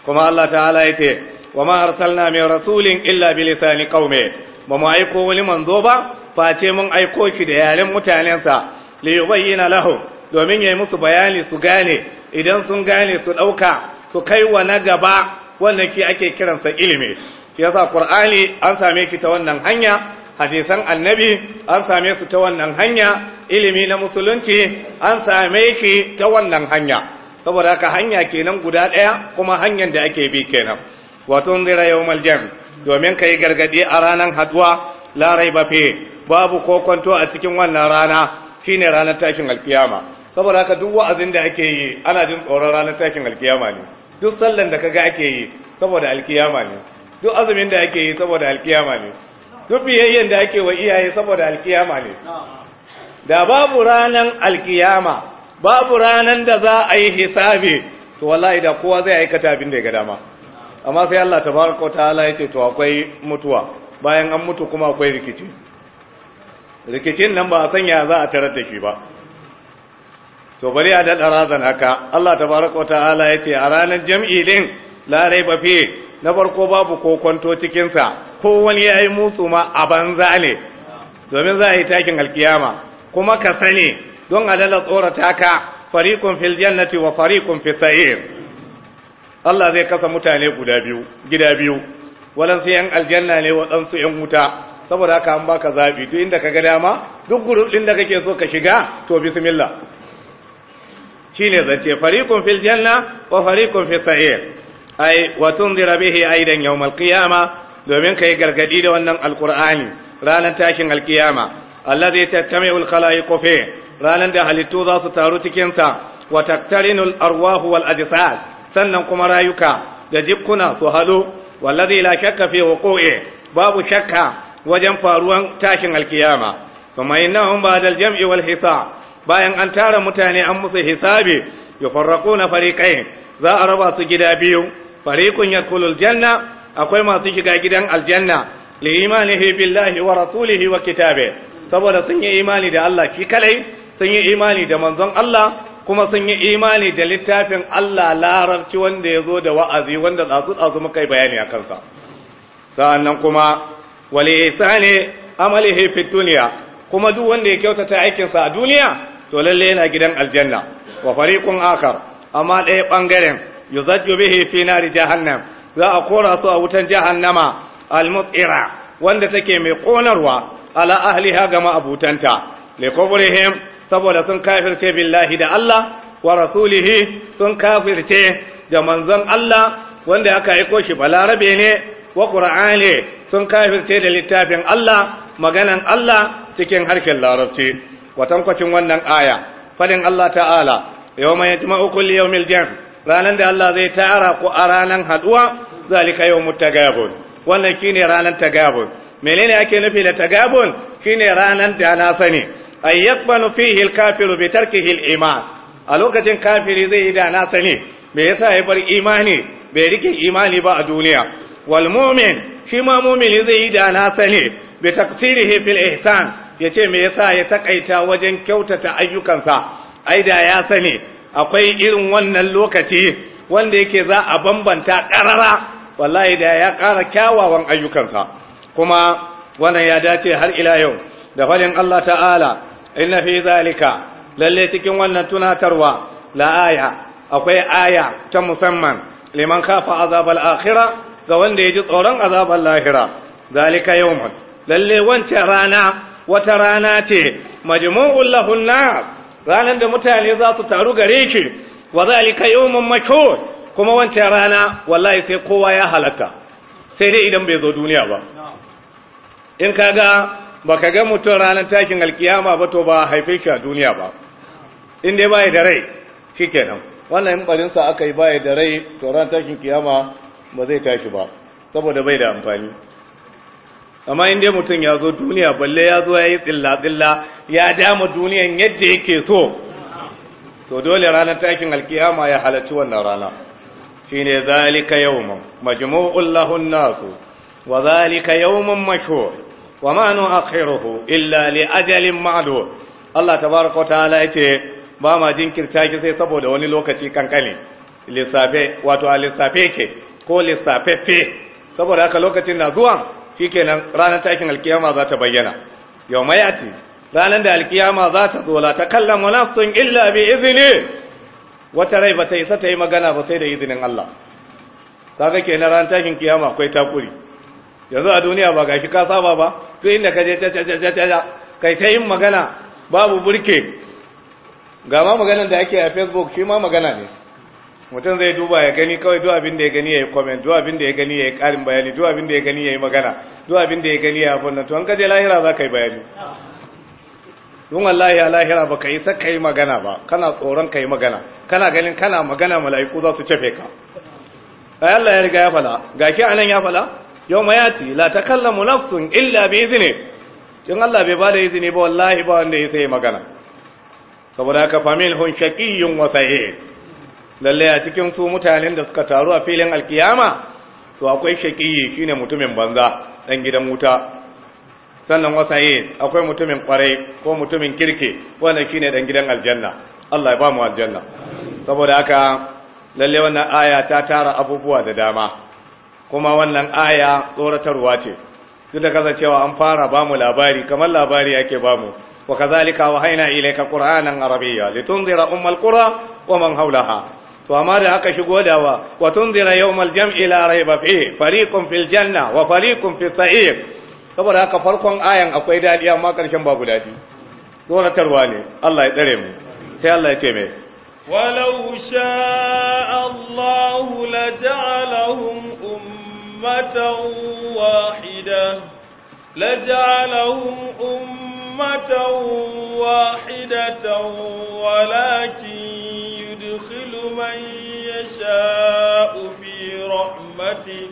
kuma allah ta'ala ya ce wa ma arsalna min rasulin illa bi lisani qaumi ba mu aiko wani manzo ba face mun aiko shi da yaren mutanensa li yubayyana lahu domin yayi musu bayani su gane idan sun gane su ɗauka su kai wa na gaba wannan ki ake kiransa ilimi shi yasa qur'ani an same ki ta wannan hanya hadisan annabi an same su ta wannan hanya ilimi na musulunci an same ki ta wannan hanya saboda haka hanya kenan guda ɗaya kuma hanyar da ake bi kenan wato zira yawmal jam domin kai gargadi a ranar haduwa Larai Bafe, fi babu kokonto a cikin wannan rana shine ranar takin alkiyama saboda haka duk wa'azin da ake yi ana jin tsoron ranar takin alkiyama ne duk sallan da kaga ake yi saboda alkiyama ne duk azumin da ake yi saboda alkiyama ne duk biyayyen da ake wa iyaye saboda alkiyama ne da babu ranan alkiyama babu ranan da za a yi hisabi to wallahi da kowa zai aikata abin da ya ga dama amma sai Allah tabaraka ta'ala yake to akwai mutuwa bayan an mutu kuma akwai rikici rikicin nan ba a sanya za a tarar da shi ba to bari a daɗa razan haka Allah ta baraka wa ta'ala ya ce a ranar jam'i din larai ba na farko babu ko kwanto cikinsa ko wani ya yi musu ma a banza ne domin za a yi takin alkiyama kuma ka sani don a dala tsorata ka fariqun fil jannati wa fariqun fi sa'ir Allah zai kasa mutane guda biyu gida biyu walansu yan aljanna ne waɗansu yan wuta saboda haka an baka zabi to inda ka ga dama duk ɗin da kake so ka shiga to bismillah shine zance fariqun fil janna wa fariqun fis sa'ir ai wa tunzira bihi aidan yawmal qiyama domin kai gargadi da wannan alqur'ani ranar tashin alqiyama alladhi tattami'u al-khalaiqu fi ranar da halittu za su taru cikin sa wa taktarinu al-arwahu wal ajsad sannan kuma rayuka da jikkuna su halu wallazi la shakka fi wuqu'i babu shakka wajen faruwan tashin alkiyama kuma innahum ba'da al-jam'i wal hisab bayan an tara mutane an musu hisabi ya yufarraquna fariqain za a raba su gida biyu fariqun yadkhulul janna akwai masu shiga gidan aljanna li imanihi billahi wa rasulihi wa kitabe saboda sun yi imani da Allah ki kadai sun yi imani da manzon Allah kuma sun yi imani da littafin Allah larabci wanda ya zo da wa'azi wanda su tsatsu muka yi bayani a kansa sa'annan kuma wali isani amalihi fi dunya kuma duk wanda ya kyautata aikinsa a duniya to lalle yana gidan aljanna wa fariqun akhar amma ɗaya bangaren yuzajju bihi fi nari jahannam za a kora su a wutan jahannama almutira wanda take mai konarwa ala ahliha ga abutanta le kofurihim saboda sun kafirce billahi da Allah wa rasulihi sun kafirce da manzon Allah wanda aka aiko shi balarabe ne wa qur'ani sun kafirce da littafin Allah maganan Allah cikin harkin larabci kwatankwacin wannan aya fadin Allah ta'ala yawma yajma'u kulli yawmil jam' ranan da Allah zai tara ku a ranan haduwa zalika yawmut tagabun wannan shine ranan tagabun menene ake nufi da tagabun shine ranan da na sani ay yaqbalu fihi al-kafiru bi tarkihi al-iman a lokacin kafiri zai yi da na sani me yasa ya bar imani bai rike imani ba a duniya wal mu'min shi ma mu'mini zai yi da na sani bi taqsirihi fil ihsan ya ce me yasa ya takaita wajen kyautata ayyukansa ai da ya sani akwai irin wannan lokaci wanda yake za a bambanta ƙarara wallahi da ya ƙara kyawawan ayyukansa kuma wannan ya dace har ila yau da faɗin Allah ta'ala inna fi zalika lalle cikin wannan tunatarwa la aya akwai aya ta musamman liman kafa azabal akhira ga wanda ya ji tsoron azabal lahira zalika yawmun lalle wancan rana wata rana ce majmu'ul lahun ranar da mutane za su taru gare ki wa zalika yawmun mashhur kuma wancan rana wallahi sai kowa ya halaka sai dai idan bai zo duniya ba in kaga baka ga mutum ranar takin alkiyama ba to ba haife ki a duniya ba in dai bai da rai shikenan wannan in barin sa aka yi bai da rai to ranar takin kiyama ba zai tashi ba saboda bai da amfani amma inda mutum ya zo duniya balle ya zo ya yi tsilla-tsilla ya dama duniyan yadda yake so to dole ranar takin alkiyama ya halarci wannan rana shi ne zalika yawman majimu'un lahun nasu wa zalika yawman mako wa a nu'akhiruhu illa li ajalin ma'adu Allah ta tabaraka wa ta'ala ce ba ma jinkirta ki sai saboda wani lokaci kankani lissafe wato a lissafe ke ko fe saboda haka lokacin na zuwa shi kenan ranar takin alkiyama za ta bayyana a ce ranar da alkiyama za ta zo ta kalla nafsun illa bi izini. wata rai bata isa ta yi magana ba sai da izinin Allah kaga kenan ranar takin kiyama akwai takuri yanzu a duniya ba shi ka saba ba to inda ka je cacacacaca kai ta yi magana babu burke ga ma maganar da ake a Facebook shi ma magana ne mutum zai duba ya gani kawai duk abin da ya gani ya yi komen duk abin da ya gani ya yi karin bayani duk abin da ya gani ya yi magana duk abin da ya gani ya hafi nan to an kaje lahira za ka yi bayani don wallahi a lahira ba ka yi ka yi magana ba kana tsoron ka yi magana kana ganin kana magana mala'iku za su cefe ka a Allah ya riga ya fala ga ki anan ya fala yau ma ya ci la takallamu nafsun illa bi izni in Allah bai bada izini ba wallahi ba wanda ya sai magana saboda haka famil hun shaqiyyun wa sa'id lalle a cikin su mutanen da suka taru a filin alkiyama to akwai shaqiyi shine mutumin banza dan gidan wuta sannan wasaye akwai mutumin kwarai ko mutumin kirke wanda shine dan gidan aljanna Allah ya ba mu aljanna saboda haka lalle wannan aya ta tara abubuwa da dama kuma wannan aya tsoratarwa ce duk da kasancewa an fara ba mu labari kamar labari yake ba mu wa kazalika wa haina ilayka qur'anan arabiyya litunzira ummal qura wa man hawlaha to amma da aka shigo da wa wa tunzira yawmal jam'i la rayba fi fariqun fil janna wa fariqun fis sa'ir saboda haka farkon ayan akwai dadi amma karshen babu dadi tsoratarwa ne Allah ya tsare mu sai Allah ya ce me walau sha Allah la ja'alahum ummatan wahida la ja'alahum ummatan wahidatan walakin يدخل ya يشاء في رحمته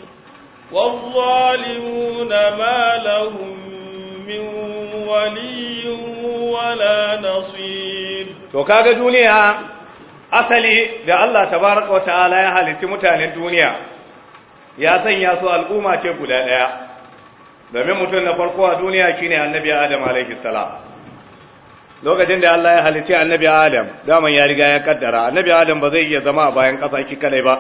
والظالمون ما لهم من ولي ولا نصير to kaga duniya asali da Allah tabaraka wataala ya halitti mutanen duniya ya sanya su al'umma ce guda ɗaya, domin mutum na farko a duniya shine annabi Adam alaihi salam lokacin da Allah ya halitta annabi Adam daman ya riga ya kaddara annabi Adam ba zai iya zama a bayan kasa ki kadai ba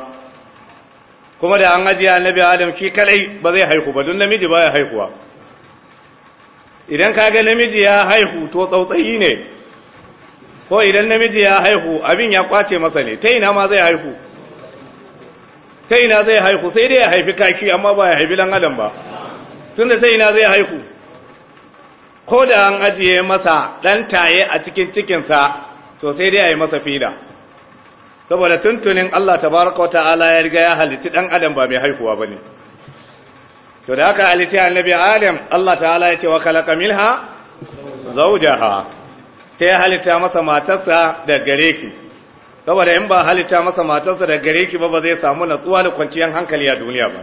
kuma da an ajiye annabi Adam ki kadai ba zai haihu ba don namiji baya haihuwa idan kaga namiji ya haihu to tsautsayi ne ko idan namiji ya haihu abin ya kwace masa ne ta ina ma zai haihu ta ina zai haihu sai dai ya haifi kaki amma ba ya haifi lan adam ba tunda ta ina zai haihu ko da an ajiye masa ɗan taye a cikin cikinsa to sai dai a yi masa fida saboda tuntunin Allah tabaraka ta'ala ya riga ya halitti ɗan adam ba mai haihuwa ba ne to da haka halitti annabi adam Allah ta'ala ya ce wa khalaqa minha zawjaha sai ya halitta masa matarsa da gare ki saboda in ba halitta masa matarsa da gare ki ba ba zai samu natsuwa da kwanciyar hankali a duniya ba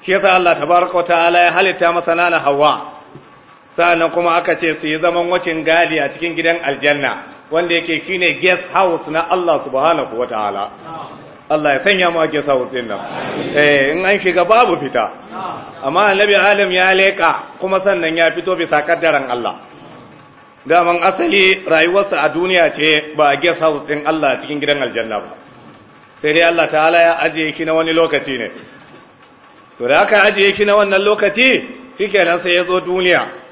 shi yasa Allah tabaraka ta'ala ya halitta masa nana hawa sa'annan kuma aka ce su yi zaman wacin gadi a cikin gidan aljanna wanda yake ne guest house na Allah subhanahu ta'ala. Allah ya sanya mu a guest house din nan eh in an shiga babu fita amma annabi alim ya leƙa kuma sannan ya fito bisa kaddaran Allah daman asali rayuwarsa a duniya ce ba a guest house din Allah a cikin gidan aljanna ba sai dai Allah ta'ala ya ajiye shi na wani lokaci ne to da aka ajiye shi na wannan lokaci kenan sai ya zo duniya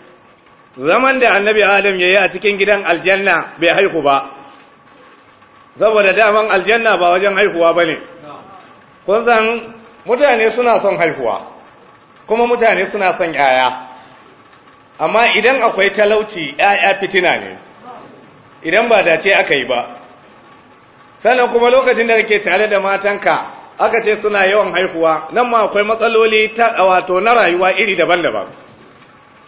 zaman da annabi adam ya yi a cikin gidan aljanna bai haihu ba saboda daman aljanna ba wajen haihuwa ba ne kun san mutane suna son haihuwa kuma mutane suna son yaya amma idan akwai talauci yaya fitina ne idan ba dace aka yi ba sannan kuma lokacin da kake tare da matanka aka ce suna yawan haihuwa nan ma akwai matsaloli ta wato na rayuwa iri daban-daban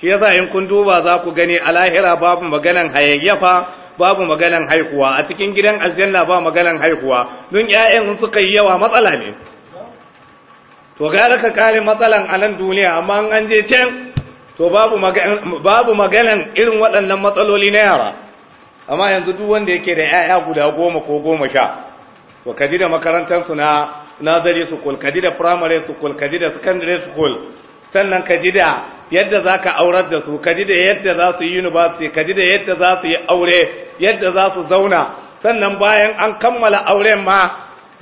shi yasa in kun duba za ku gani a lahira babu maganan hayayyafa babu maganan haihuwa a cikin gidan aljanna ba maganan haihuwa don ƴaƴan suka yi yawa matsala ne to ga ka kare matsalan a nan duniya amma an je can to babu maganan babu maganan irin waɗannan matsaloli na yara amma yanzu duk wanda yake da ƴaƴa guda goma ko goma sha to kaji da makarantar su na nazari school kaji da primary school kaji da secondary school sannan ka ji da yadda za ka aurar da su ka ji da yadda za su yi university ka ji da yadda za su yi aure yadda za su zauna sannan bayan an kammala auren ma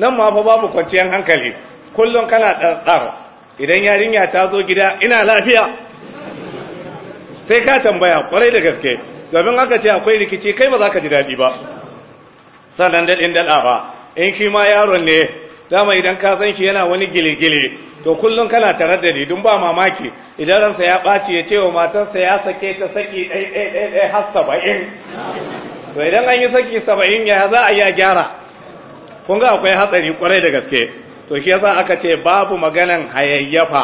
nan ma fa babu kwanciyar hankali kullum kana ɗarɗar idan yarinya ta zo gida ina lafiya sai ka tambaya kwarai da gaske domin haka ce akwai rikici kai ba za ka ji daɗi ba sannan daɗin daɗa ba in shi ma yaron ne dama idan ka san shi yana wani gile to kullum kana taraddadi dun ba mamaki idan ransa ya ɓaci ya ce wa matarsa ya sake ta saki ɗai har saba'in to idan an yi saki saba'in ya za a iya gyara kun ga akwai hatsari kwarai da gaske to shi yasa aka ce babu maganan hayayyafa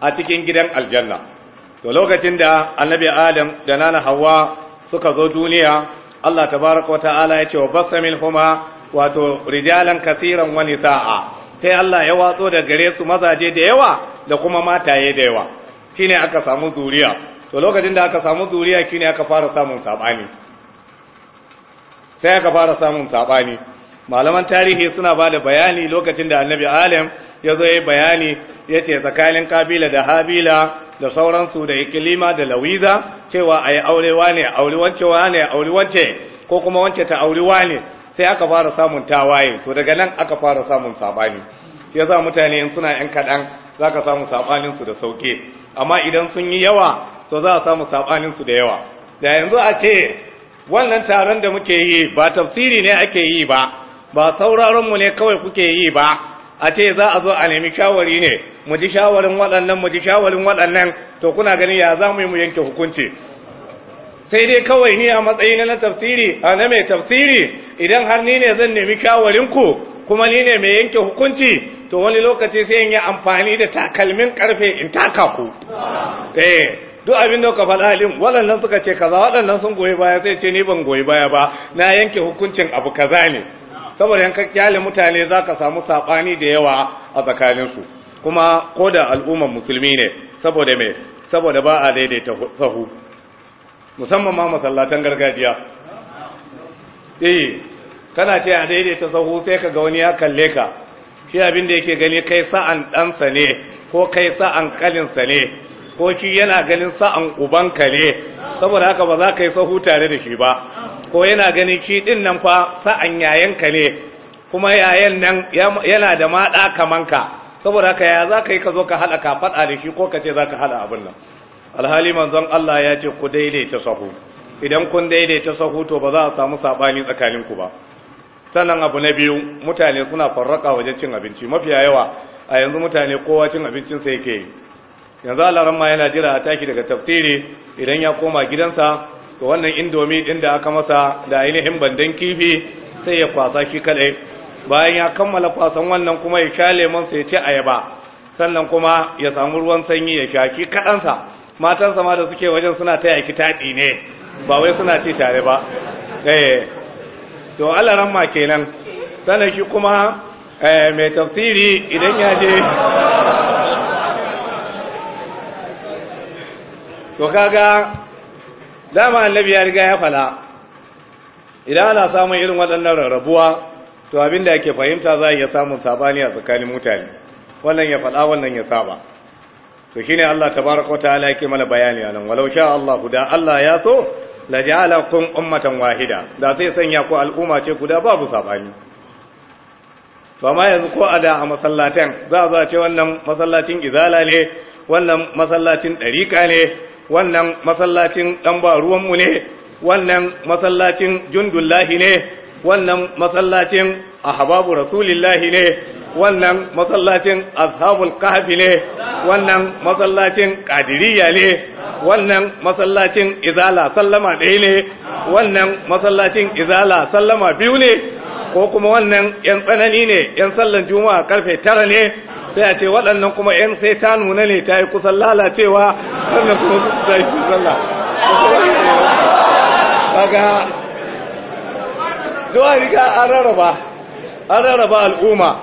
a cikin gidan aljanna to lokacin da annabi adam da nana hawa suka zo duniya Allah tabaraka wa ta'ala ya ce wa basamil huma wato rijalan kasiran wani sa'a sai Allah ya watso da gare su mazaje da yawa da kuma mataye da yawa shine aka samu zuriya to lokacin da aka samu zuriya shine aka fara samun sabani sai aka fara samun sabani malaman tarihi suna ba da bayani lokacin da annabi alim ya zo ya bayani ya ce tsakanin kabila da habila da sauransu da ikilima da lawiza cewa a yi aurewa ne auri wance ne wance ko kuma wance ta auri ne. sai aka fara samun tawaye to daga nan aka fara samun sabani shi yasa mutane in suna yan kadan zaka samu sabanin da sauke amma idan sun yi yawa to za a samu sabanin da yawa da yanzu a ce wannan taron da muke yi ba tafsiri ne ake yi ba ba sauraron mu ne kawai kuke yi ba a ce za a zo a nemi shawari ne mu ji shawarin waɗannan mu ji shawarin waɗannan to kuna gani ya za mu yi mu yanke hukunci sai dai kawai ni a matsayin na tafsiri a na mai tafsiri idan har ni ne zan nemi ku kuma ni ne mai yanke hukunci to wani lokaci sai in yi amfani da takalmin karfe in taka ku eh duk abin da ka faɗa alim waɗannan suka ce kaza waɗannan sun goyi baya sai ce ni ban goyi baya ba na yanke hukuncin abu kaza ne saboda yanka kyale mutane za ka samu saɓani da yawa a tsakaninsu kuma ko da al'ummar musulmi ne saboda me saboda ba a daidaita sahu musamman ma masallatan gargajiya eh kana ce a daidaita sahu sai ka ga wani ya kalle ka shi abin da yake gani kai sa'an ɗansa ne ko kai sa'an kalinsa ne ko shi yana ganin sa'an ubanka ne saboda haka ba za ka yi sahu tare da shi ba ko yana ganin shi ɗin nan fa sa'an yayanka ne kuma yayan nan yana da maɗa kamanka saboda haka ya za ka yi ka zo ka haɗa ka faɗa da shi ko ka ce za ka haɗa abin nan alhali manzon Allah ya ce ku daidaita sahu idan kun daidaita sahu to ba za a samu sabani tsakanin ku ba sannan abu na biyu mutane suna farraka wajen cin abinci mafiya yawa a yanzu mutane kowa cin abincin sa yake yanzu Allah ma yana jira a taki daga tafsiri idan ya koma gidansa to wannan indomi din da aka masa da ainihin bandan kifi sai ya kwasa shi kadai bayan ya kammala kwasan wannan kuma ya sha lemon sai ya ci ayaba sannan kuma ya samu ruwan sanyi ya sha shi kadansa matansa ma da suke wajen suna taya ki taɗi ne ba wai suna ci tare ba eh to Allah ramma kenan sanan shi kuma eh, mai tafsiri idan ya je to kaga dama annabi ya riga ya fala idan ana samun irin waɗannan rarrabuwa to abin da yake fahimta za a iya samun sabani a tsakanin mutane wannan ya faɗa wannan ya saba to shine Allah tabaraka wataala yake mana bayani anan walau sha Allah guda Allah ya so la ja'alakum ummatan wahida da sai sanya ku al'umma ce guda babu sabani to amma yanzu ko a da a masallatan za a ce wannan masallacin izala ne wannan masallacin dariqa ne wannan masallacin dan ba mu ne wannan masallacin jundullahi ne wannan masallacin ahbabu rasulillahi ne wannan masallacin ashabul kahfi ne wannan masallacin qadiriyya ne wannan masallacin izala sallama ɗaya ne wannan masallacin izala sallama biyu ne ko kuma wannan yan tsanani ne yan sallan juma'a karfe tara ne sai a ce waɗannan kuma yan sai ta nuna ne ta yi kusan lalacewa wannan kuma ta yi kusan zuwa riga an rarraba an rarraba al'umma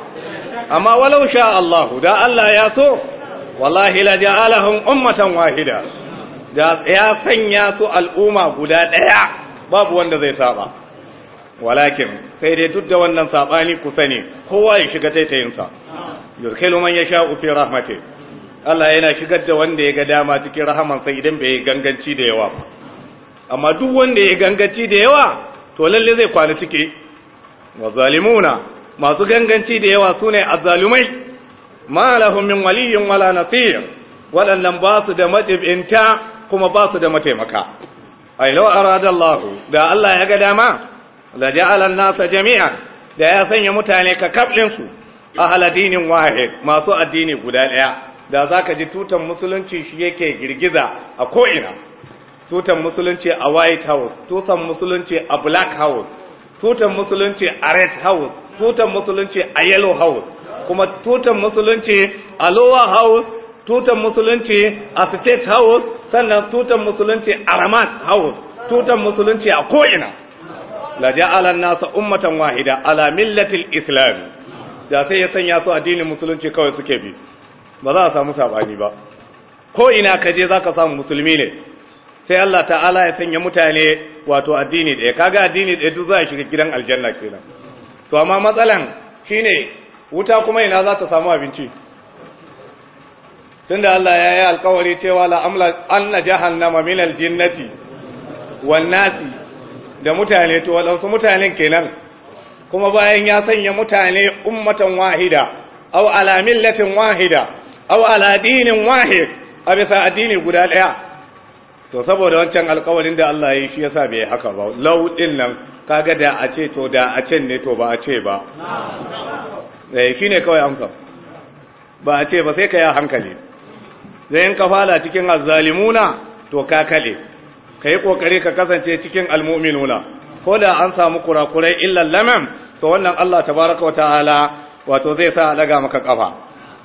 amma walau sha Allahu da Allah ya so wallahi la ja'alahum ummatan wahida da ya sanya su al'umma guda ɗaya babu wanda zai saba walakin sai dai duk da wannan sabani ku sani kowa ya shiga taitayinsa yurkilu man yasha fi rahmati. Allah yana shigar da wanda ya ga dama cikin rahaman sai idan bai ganganci da yawa ba amma duk wanda ya ganganci da yawa to lalle zai kwana cike wa masu ganganci da yawa su ne azzalumai ma lahum min waliyyin wala nasir waɗannan ba su da matibinta kuma ba su da mataimaka ai law arada Allah da Allah ya ga dama la ja'ala an-nasa jami'an da ya sanya mutane ka kaflin su a haladinin wahid masu addini guda daya da zaka ji tutan musulunci shi yake girgiza a ko ina tutan musulunci a white house tutan musulunci a black house tutan musulunci a red house tutan musulunci a yellow house kuma tutan musulunci a lower house tutan musulunci a state house sannan tutan musulunci a ramat house tutan musulunci a ko'ina la ja'ala nasa ummatan wahida ala millatil islam da sai ya sanya su addinin musulunci kawai suke bi ba za a samu sabani ba ko ina ka zaka samu musulmi ne sai Allah ta'ala ya sanya mutane wato addini ɗaya kaga addini ɗaya duk za a shiga gidan aljanna kenan to amma matsalan shine wuta kuma ina za ta samu abinci tunda Allah ya yi alkawari cewa la amla anna jahannama min aljinnati wan nasi da mutane to wadansu mutanen kenan kuma bayan ya sanya mutane ummatan wahida aw ala millatin wahida aw ala dinin wahid abisa addini guda ɗaya. to saboda wancan alkawarin da Allah ya yi shi yasa bai haka ba law din nan kaga da a ce to da a ce ne to ba a ce ba eh ne kawai amsa ba a ce ba sai ka yi hankali zai in ka fala cikin azzalimuna to ka kale kai kokari ka kasance cikin almu'minuna ko da an samu kurakurai illa lamam to wannan Allah tabaaraka wa ta'ala wato zai sa daga maka kafa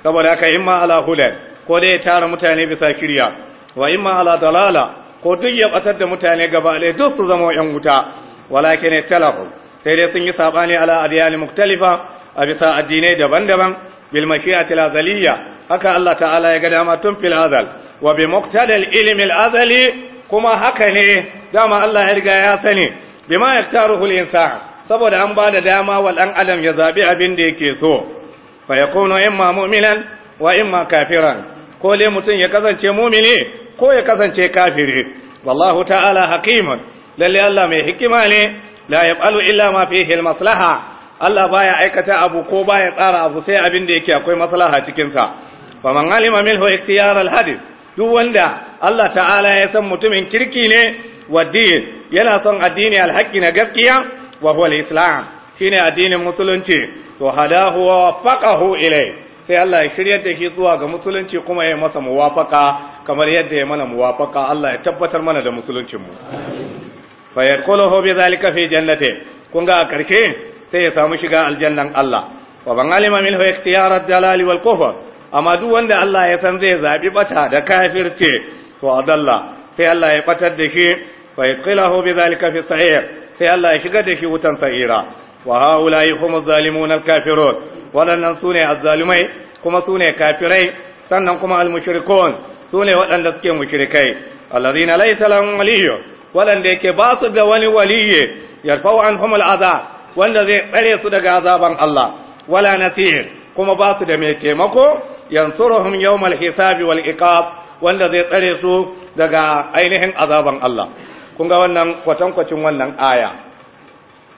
saboda haka imma ala hulal ko dai ya tara mutane bisa kirya wa imma ala dalala ko duk ya batar da mutane gaba ɗaya duk su zama yan wuta walakin talahu sai dai sun yi sabani ala adiyani muktalifa a bisa addinai daban-daban bil mashi'ati azaliyya haka Allah ta'ala ya ga dama tun fil azal wa bi muqtadal ilmi al azali kuma haka ne dama Allah ya riga ya sani bima yaktaruhu al insan saboda an ba da dama wa dan adam ya zabi abin da yake so fa yakunu imma mu'minan wa imma kafiran ko dai mutum ya kasance mumini ko ya kasance kafiri wallahu ta'ala hakimun lalle Allah mai hikima ne la yabalu illa ma fihi maslaha Allah baya aikata abu ko baya tsara abu sai abin da yake akwai maslaha cikin sa faman alima minhu ikhtiyar alhadith duk wanda Allah ta'ala ya san mutumin kirki ne wa din yana son addini alhaqi na gaskiya wa huwa shine addinin musulunci to hadahu wa waffaqahu ilayhi sai Allah ya shirya da shi zuwa ga musulunci kuma ya yi masa muwafaka kamar yadda ya mana muwafaka Allah ya tabbatar mana da musuluncinmu. mu kolo yadkhuluhu bi zalika fi jannati kun ga a ƙarshe sai ya samu shiga aljannan Allah wa ban alima minhu yara da dalal wal kofa amma duk wanda Allah ya san zai zaɓi ɓata da kafirce to a dalla sai Allah ya ɓatar da shi fa kila hobi zalika fi sa'ir sai Allah ya shiga da shi wutan sa'ira wa haula'i kuma az-zalimun al-kafirun waɗannan sune azzalumai kuma ne kafirai sannan kuma al su ne waɗanda suke mushrikai alladhina laysa lahum waliyyu waɗanda yake ba su da wani waliyyi yarfa'u anhum al wanda zai tsare su daga azaban Allah wala nasir kuma ba su da mai taimako yansuruhum yawmal hisabi wal iqab wanda zai tsare su daga ainihin azaban Allah kun ga wannan kwatankwacin wannan aya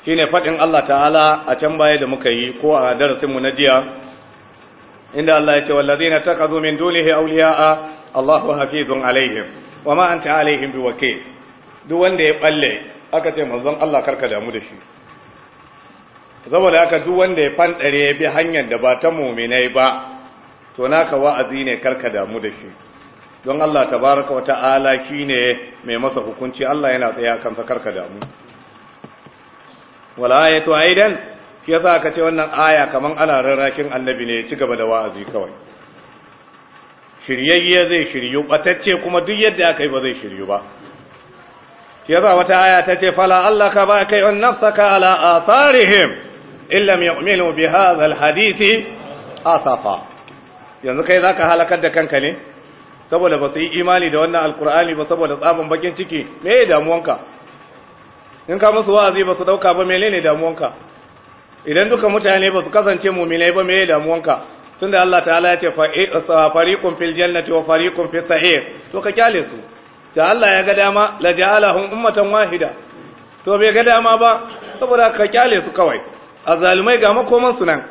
Shi ne faɗin Allah ta'ala a can baya da muka yi ko a darasinmu na jiya inda Allah ya ce wallazina taqadu min dunihi awliya'a Allahu hafizun alaihim ma anta alaihim biwakil duk wanda ya balle aka ce manzon Allah karka damu da shi saboda haka duk wanda ya fandare ya bi hanyar da ba ta mu'minai ba to naka wa'azi ne karka damu da shi don Allah tabaraka wa ta'ala shine mai masa hukunci Allah yana tsaya kansa karka damu walayatu aidan shi yasa aka ce wannan aya kaman ana rarrakin annabi ne ci gaba da wa'azi kawai shiryayye zai shiryu batacce kuma duk yadda aka yi ba zai shiryu ba shi yasa wata aya ta ce fala Allah ka ba kai on nafsaka ala atharihim in lam yu'minu bi hadha alhadisi asafa yanzu kai zaka halakar da kanka ne saboda ba su yi imani da wannan alkur'ani ba saboda tsabin bakin ciki me ya damuwanka in ka musu wa'azi ba su dauka ba menene ka? idan duka mutane ba su kasance mu'minai ba meye damuwanka tunda Allah ta'ala ya ce fariqun fil jannati wa fariqun fis sa'ir to ka kyale su da Allah ya ga dama la ja'alahum ummatan wahida to bai ga dama ba saboda ka kyale su kawai azalumai ga makoman su nan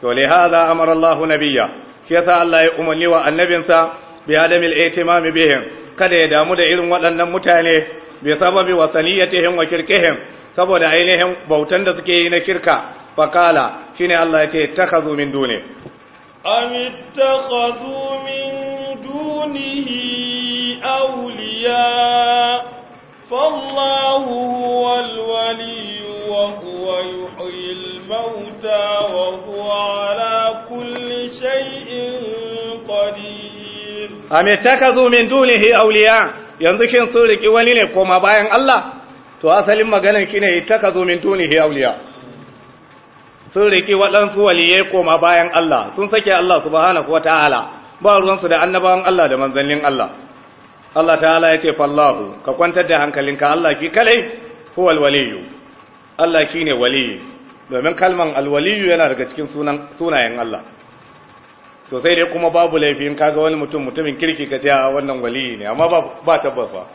to le hada amara Allah nabiyya shi yasa Allah ya umarni wa annabinsa bi adamil itimami bihim kada ya damu da irin waɗannan mutane bi sababi wasaniyatihim wa kirkihim saboda ainihin bautan da suke yi na kirka fakala shine Allah yace takazu min duni am ittakhadhu min dunihi awliya fallahu huwal waliyyu wa huwa yuhyil mauta wa huwa ala kulli shay'in qadir am min dunihi awliya yanzu kin sun riki wani ne koma bayan Allah to asalin maganar kine zo min hi awliya sun riki waɗansu waliyai koma bayan Allah sun sake Allah subhanahu wataala ba ruwansu da annabawan Allah da manzannin Allah Allah ta'ala ya ce fallahu ka kwantar da hankalinka Allah ki kalai huwal waliyu Allah shine waliyu domin kalman alwaliyu yana daga cikin sunayen Allah to sai dai kuma babu laifin kaga wani mutum mutumin kirki ka ce a ah, wannan wali ne amma ba tabbas ba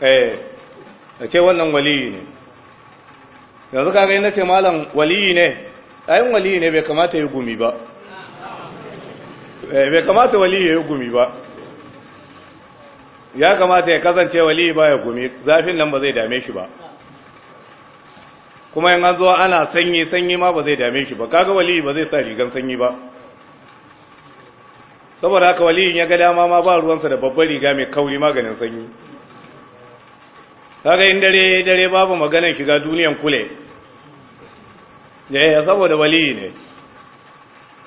eh a ce wannan wali ne yanzu kaga ina ce malam wali ne ayin wali ne bai kamata ya gumi ba eh bai kamata wali ya yi gumi ba ya kamata ya kasance wali ba ya gumi zafin nan ba zai dame shi ba kuma yin an zo ana sanyi sanyi ma ba zai dame shi ba kaga wali ba zai sa rigan sanyi ba saboda haka waliyin ya ga dama ma ba ruwansa da babbar riga mai kauri maganin sanyi kaga in dare dare babu maganar kiga duniyan kule eh saboda waliyi ne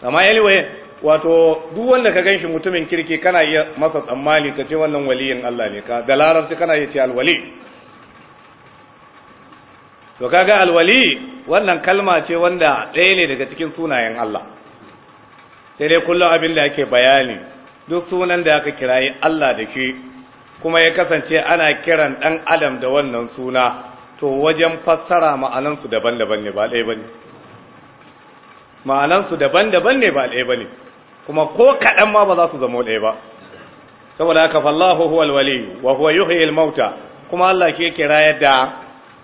amma anyway wato duk wanda ka ganshi mutumin kirki kana iya masa tsammani ka ce wannan waliyin Allah ne ka da larabci kana iya ce alwali to kaga alwali wannan kalma ce wanda ɗaya ne daga cikin sunayen Allah sai dai kullum abin da yake bayani duk sunan da aka kira yi Allah da shi kuma ya kasance ana kiran ɗan adam da wannan suna to wajen fassara ma'anansu daban-daban ne ba ɗaya ba ne ma'anansu daban-daban ne ba ɗaya ba ne kuma ko kaɗan ma ba za su zama ɗaya ba saboda haka fallahu huwal wa huwa yuhyil mauta kuma Allah ke kira da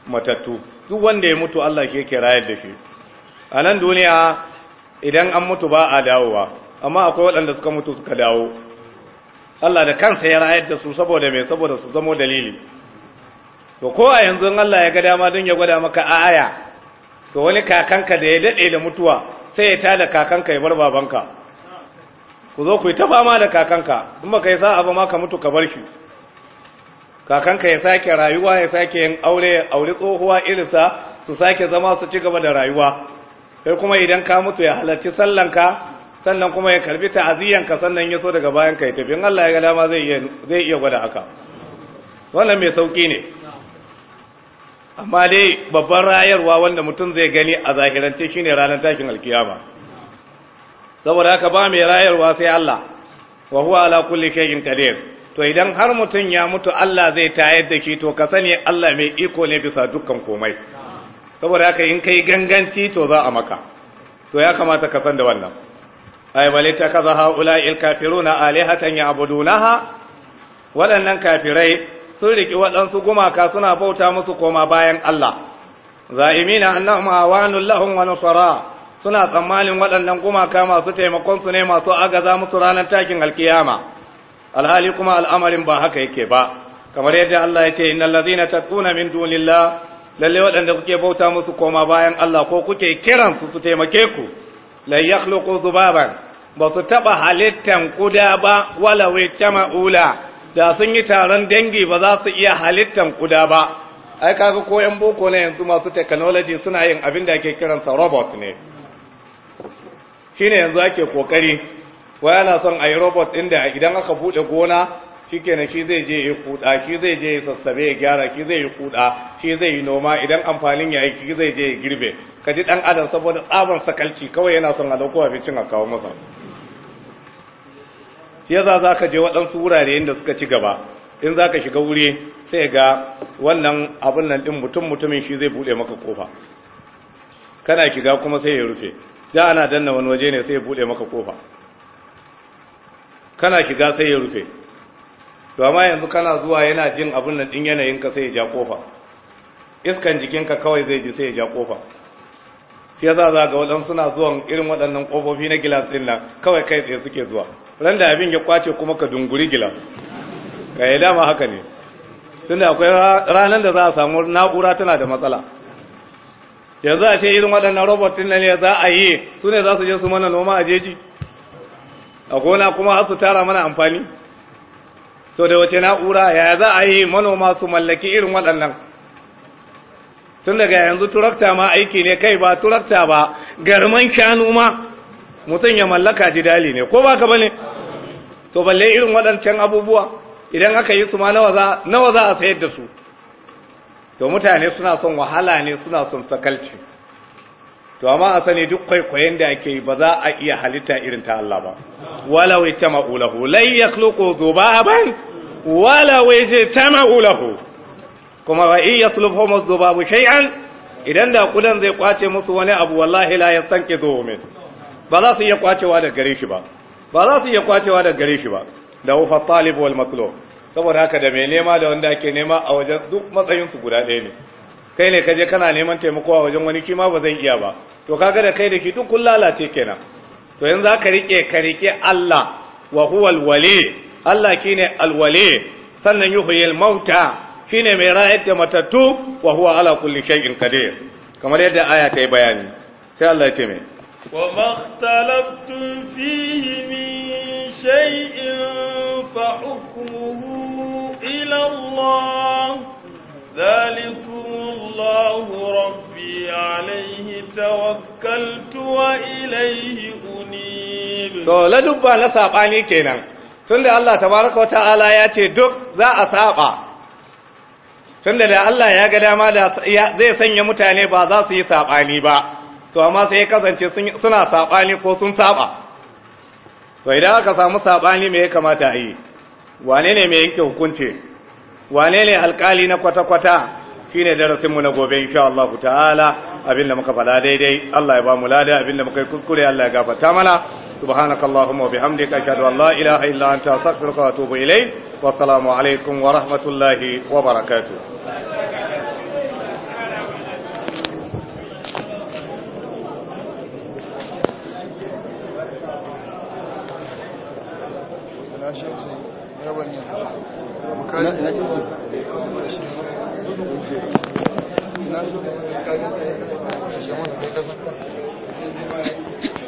matattu duk wanda ya mutu Allah ke kira da shi a nan duniya idan an mutu ba a dawowa amma akwai waɗanda suka mutu suka dawo Allah da kansa ya rayar da su saboda mai saboda su zamo dalili to ko a yanzu Allah ya ga dama don ya gwada maka aya to wani kakanka da ya daɗe da mutuwa sai ya tada kakanka ya bar babanka ku zo ku yi ta fama da kakanka in ba kai yi sa'a ba ma ka mutu ka bar shi kakanka ya sake rayuwa ya sake yin aure aure tsohuwa irinsa su sake zama su ci gaba da rayuwa sai kuma idan ka mutu ya halarci sallanka sannan kuma ya karbi ta'aziyyanka sannan ya so daga bayan ka ya tafi in Allah ya ga dama zai iya zai iya gwada haka wannan mai sauki ne amma dai babban rayarwa wanda mutum zai gani a zahirance shine ranar takin alkiyama saboda haka ba mai rayarwa sai Allah wa huwa ala kulli shay'in qadir to idan har mutum ya mutu Allah zai tayar da shi to ka sani Allah mai iko ne bisa dukkan komai saboda haka in kai ganganci to za a maka to ya kamata ka san da wannan ay walita kaza haula il kafiruna alihatan ya'budunaha waɗannan kafirai sun riki waɗansu gumaka suna bauta musu koma bayan Allah za'imina annahum awanul lahum wa nusara suna tsammanin waɗannan gumaka masu taimakon su ne masu agaza musu ranar takin alkiyama alhali kuma al'amarin ba haka yake ba kamar yadda Allah ya ce innal ladhina taquna min dunillah lalle waɗanda kuke bauta musu koma bayan Allah ko kuke kiran su su taimake ku la yakhluqu zubaban ba su taba halittan kuda ba wala wai ula da sun yi taron dangi ba za su iya halittan kuda ba ai kaga ko yan boko na yanzu masu technology suna yin abin da ake kiransa robot ne shine yanzu ake kokari wai ana son ayi robot din da idan aka bude gona shikenan shi zai je ya kuda shi zai je ya sassabe ya gyara shi zai yi kuda shi zai yi noma idan amfanin ya yi zai je ya girbe ka ji dan adam saboda tsabar sakalci kawai yana son a dauko a kawo masa yaza za ka je waɗansu wurare inda suka ci gaba in za ka shiga wuri sai ga wannan abin nan ɗin mutum mutumin shi zai buɗe maka kofa kana shiga kuma sai ya rufe da ana danna wani waje ne sai ya buɗe maka kofa kana shiga sai ya rufe to amma yanzu kana zuwa yana jin abin nan din yanayin ka sai ya ja kofa iskan jikinka kawai zai ji sai ya ja kofa shi yasa za ga suna zuwan irin waɗannan kofofi na gilas ɗin nan kawai kai tsaye suke zuwa ran da abin ya kwace kuma ka dunguri gilas ga eh, yi dama haka ne tunda akwai ranar da za a samu na'ura tana da matsala yanzu a ce irin waɗannan robot din nan za a yi su ne za su je su mana noma a jeji a gona kuma har su tara mana amfani so da wace na'ura ya za a yi manoma su mallaki irin waɗannan tun daga yanzu turakta ma aiki ne kai ba turakta ba garman shanu ma mutum ya mallaka jidali ne ko ba ka bane to balle irin waɗancan abubuwa idan aka yi su ma nawa za a sayar da su to mutane suna son wahala ne suna son sakalci to amma a sani duk kwaikwayen da ake yi ba za a iya halitta irin ta Allah ba walau itama'u ma'ulahu lai yakhluqu dhubaban walau ta ma'ulahu. kuma wa in yaslubhum adh-dhubabu shay'an idan da kudan zai kwace musu wani abu wallahi la yastanqidhu min ba za su iya kwacewa da gare shi ba ba za su iya kwacewa da gare shi ba da hufa talib wal matlub saboda haka da mai nema da wanda ake nema a wajen duk matsayinsu guda ɗaya ne kai ne ka je kana neman taimako a wajen wani kima ba zai iya ba to kaga da kai da ki duk kun lalace kenan to yanzu za ka rike ka rike Allah wa wali Allah kine alwali sannan yuhyil mauta kine mai rayar da matattu wa huwa ala kulli shay'in qadir kamar yadda aya ta yi bayani sai Allah ya ce me. wa makhtalaftum fihi min shay'in fa hukmuhu ila Allah ذلكم الله ربي عليه توكلت وإليه أنيب to na saɓani kenan tunda Allah tabaraka wata ala ya ce duk za a saɓa tunda da Allah ya ga dama da zai sanya mutane ba za su yi saɓani ba to amma sai ya kasance suna saɓani ko sun saɓa to idan aka samu saɓani me ya kamata a yi wane ne mai yanke hukunci wane ne alkali na kwata-kwata shi ne darasinmu na gobe insha Allah ta'ala abin da muka faɗa daidai Allah ya ba mu lada da muka yi kuskure Allah ya gafarta mana subhanaka allahumma wa bihamdika ashhadu an la ilaha illa anta astaghfiruka wa atubu ilayk wa assalamu alaikum wa rahmatullahi wa barakatuh na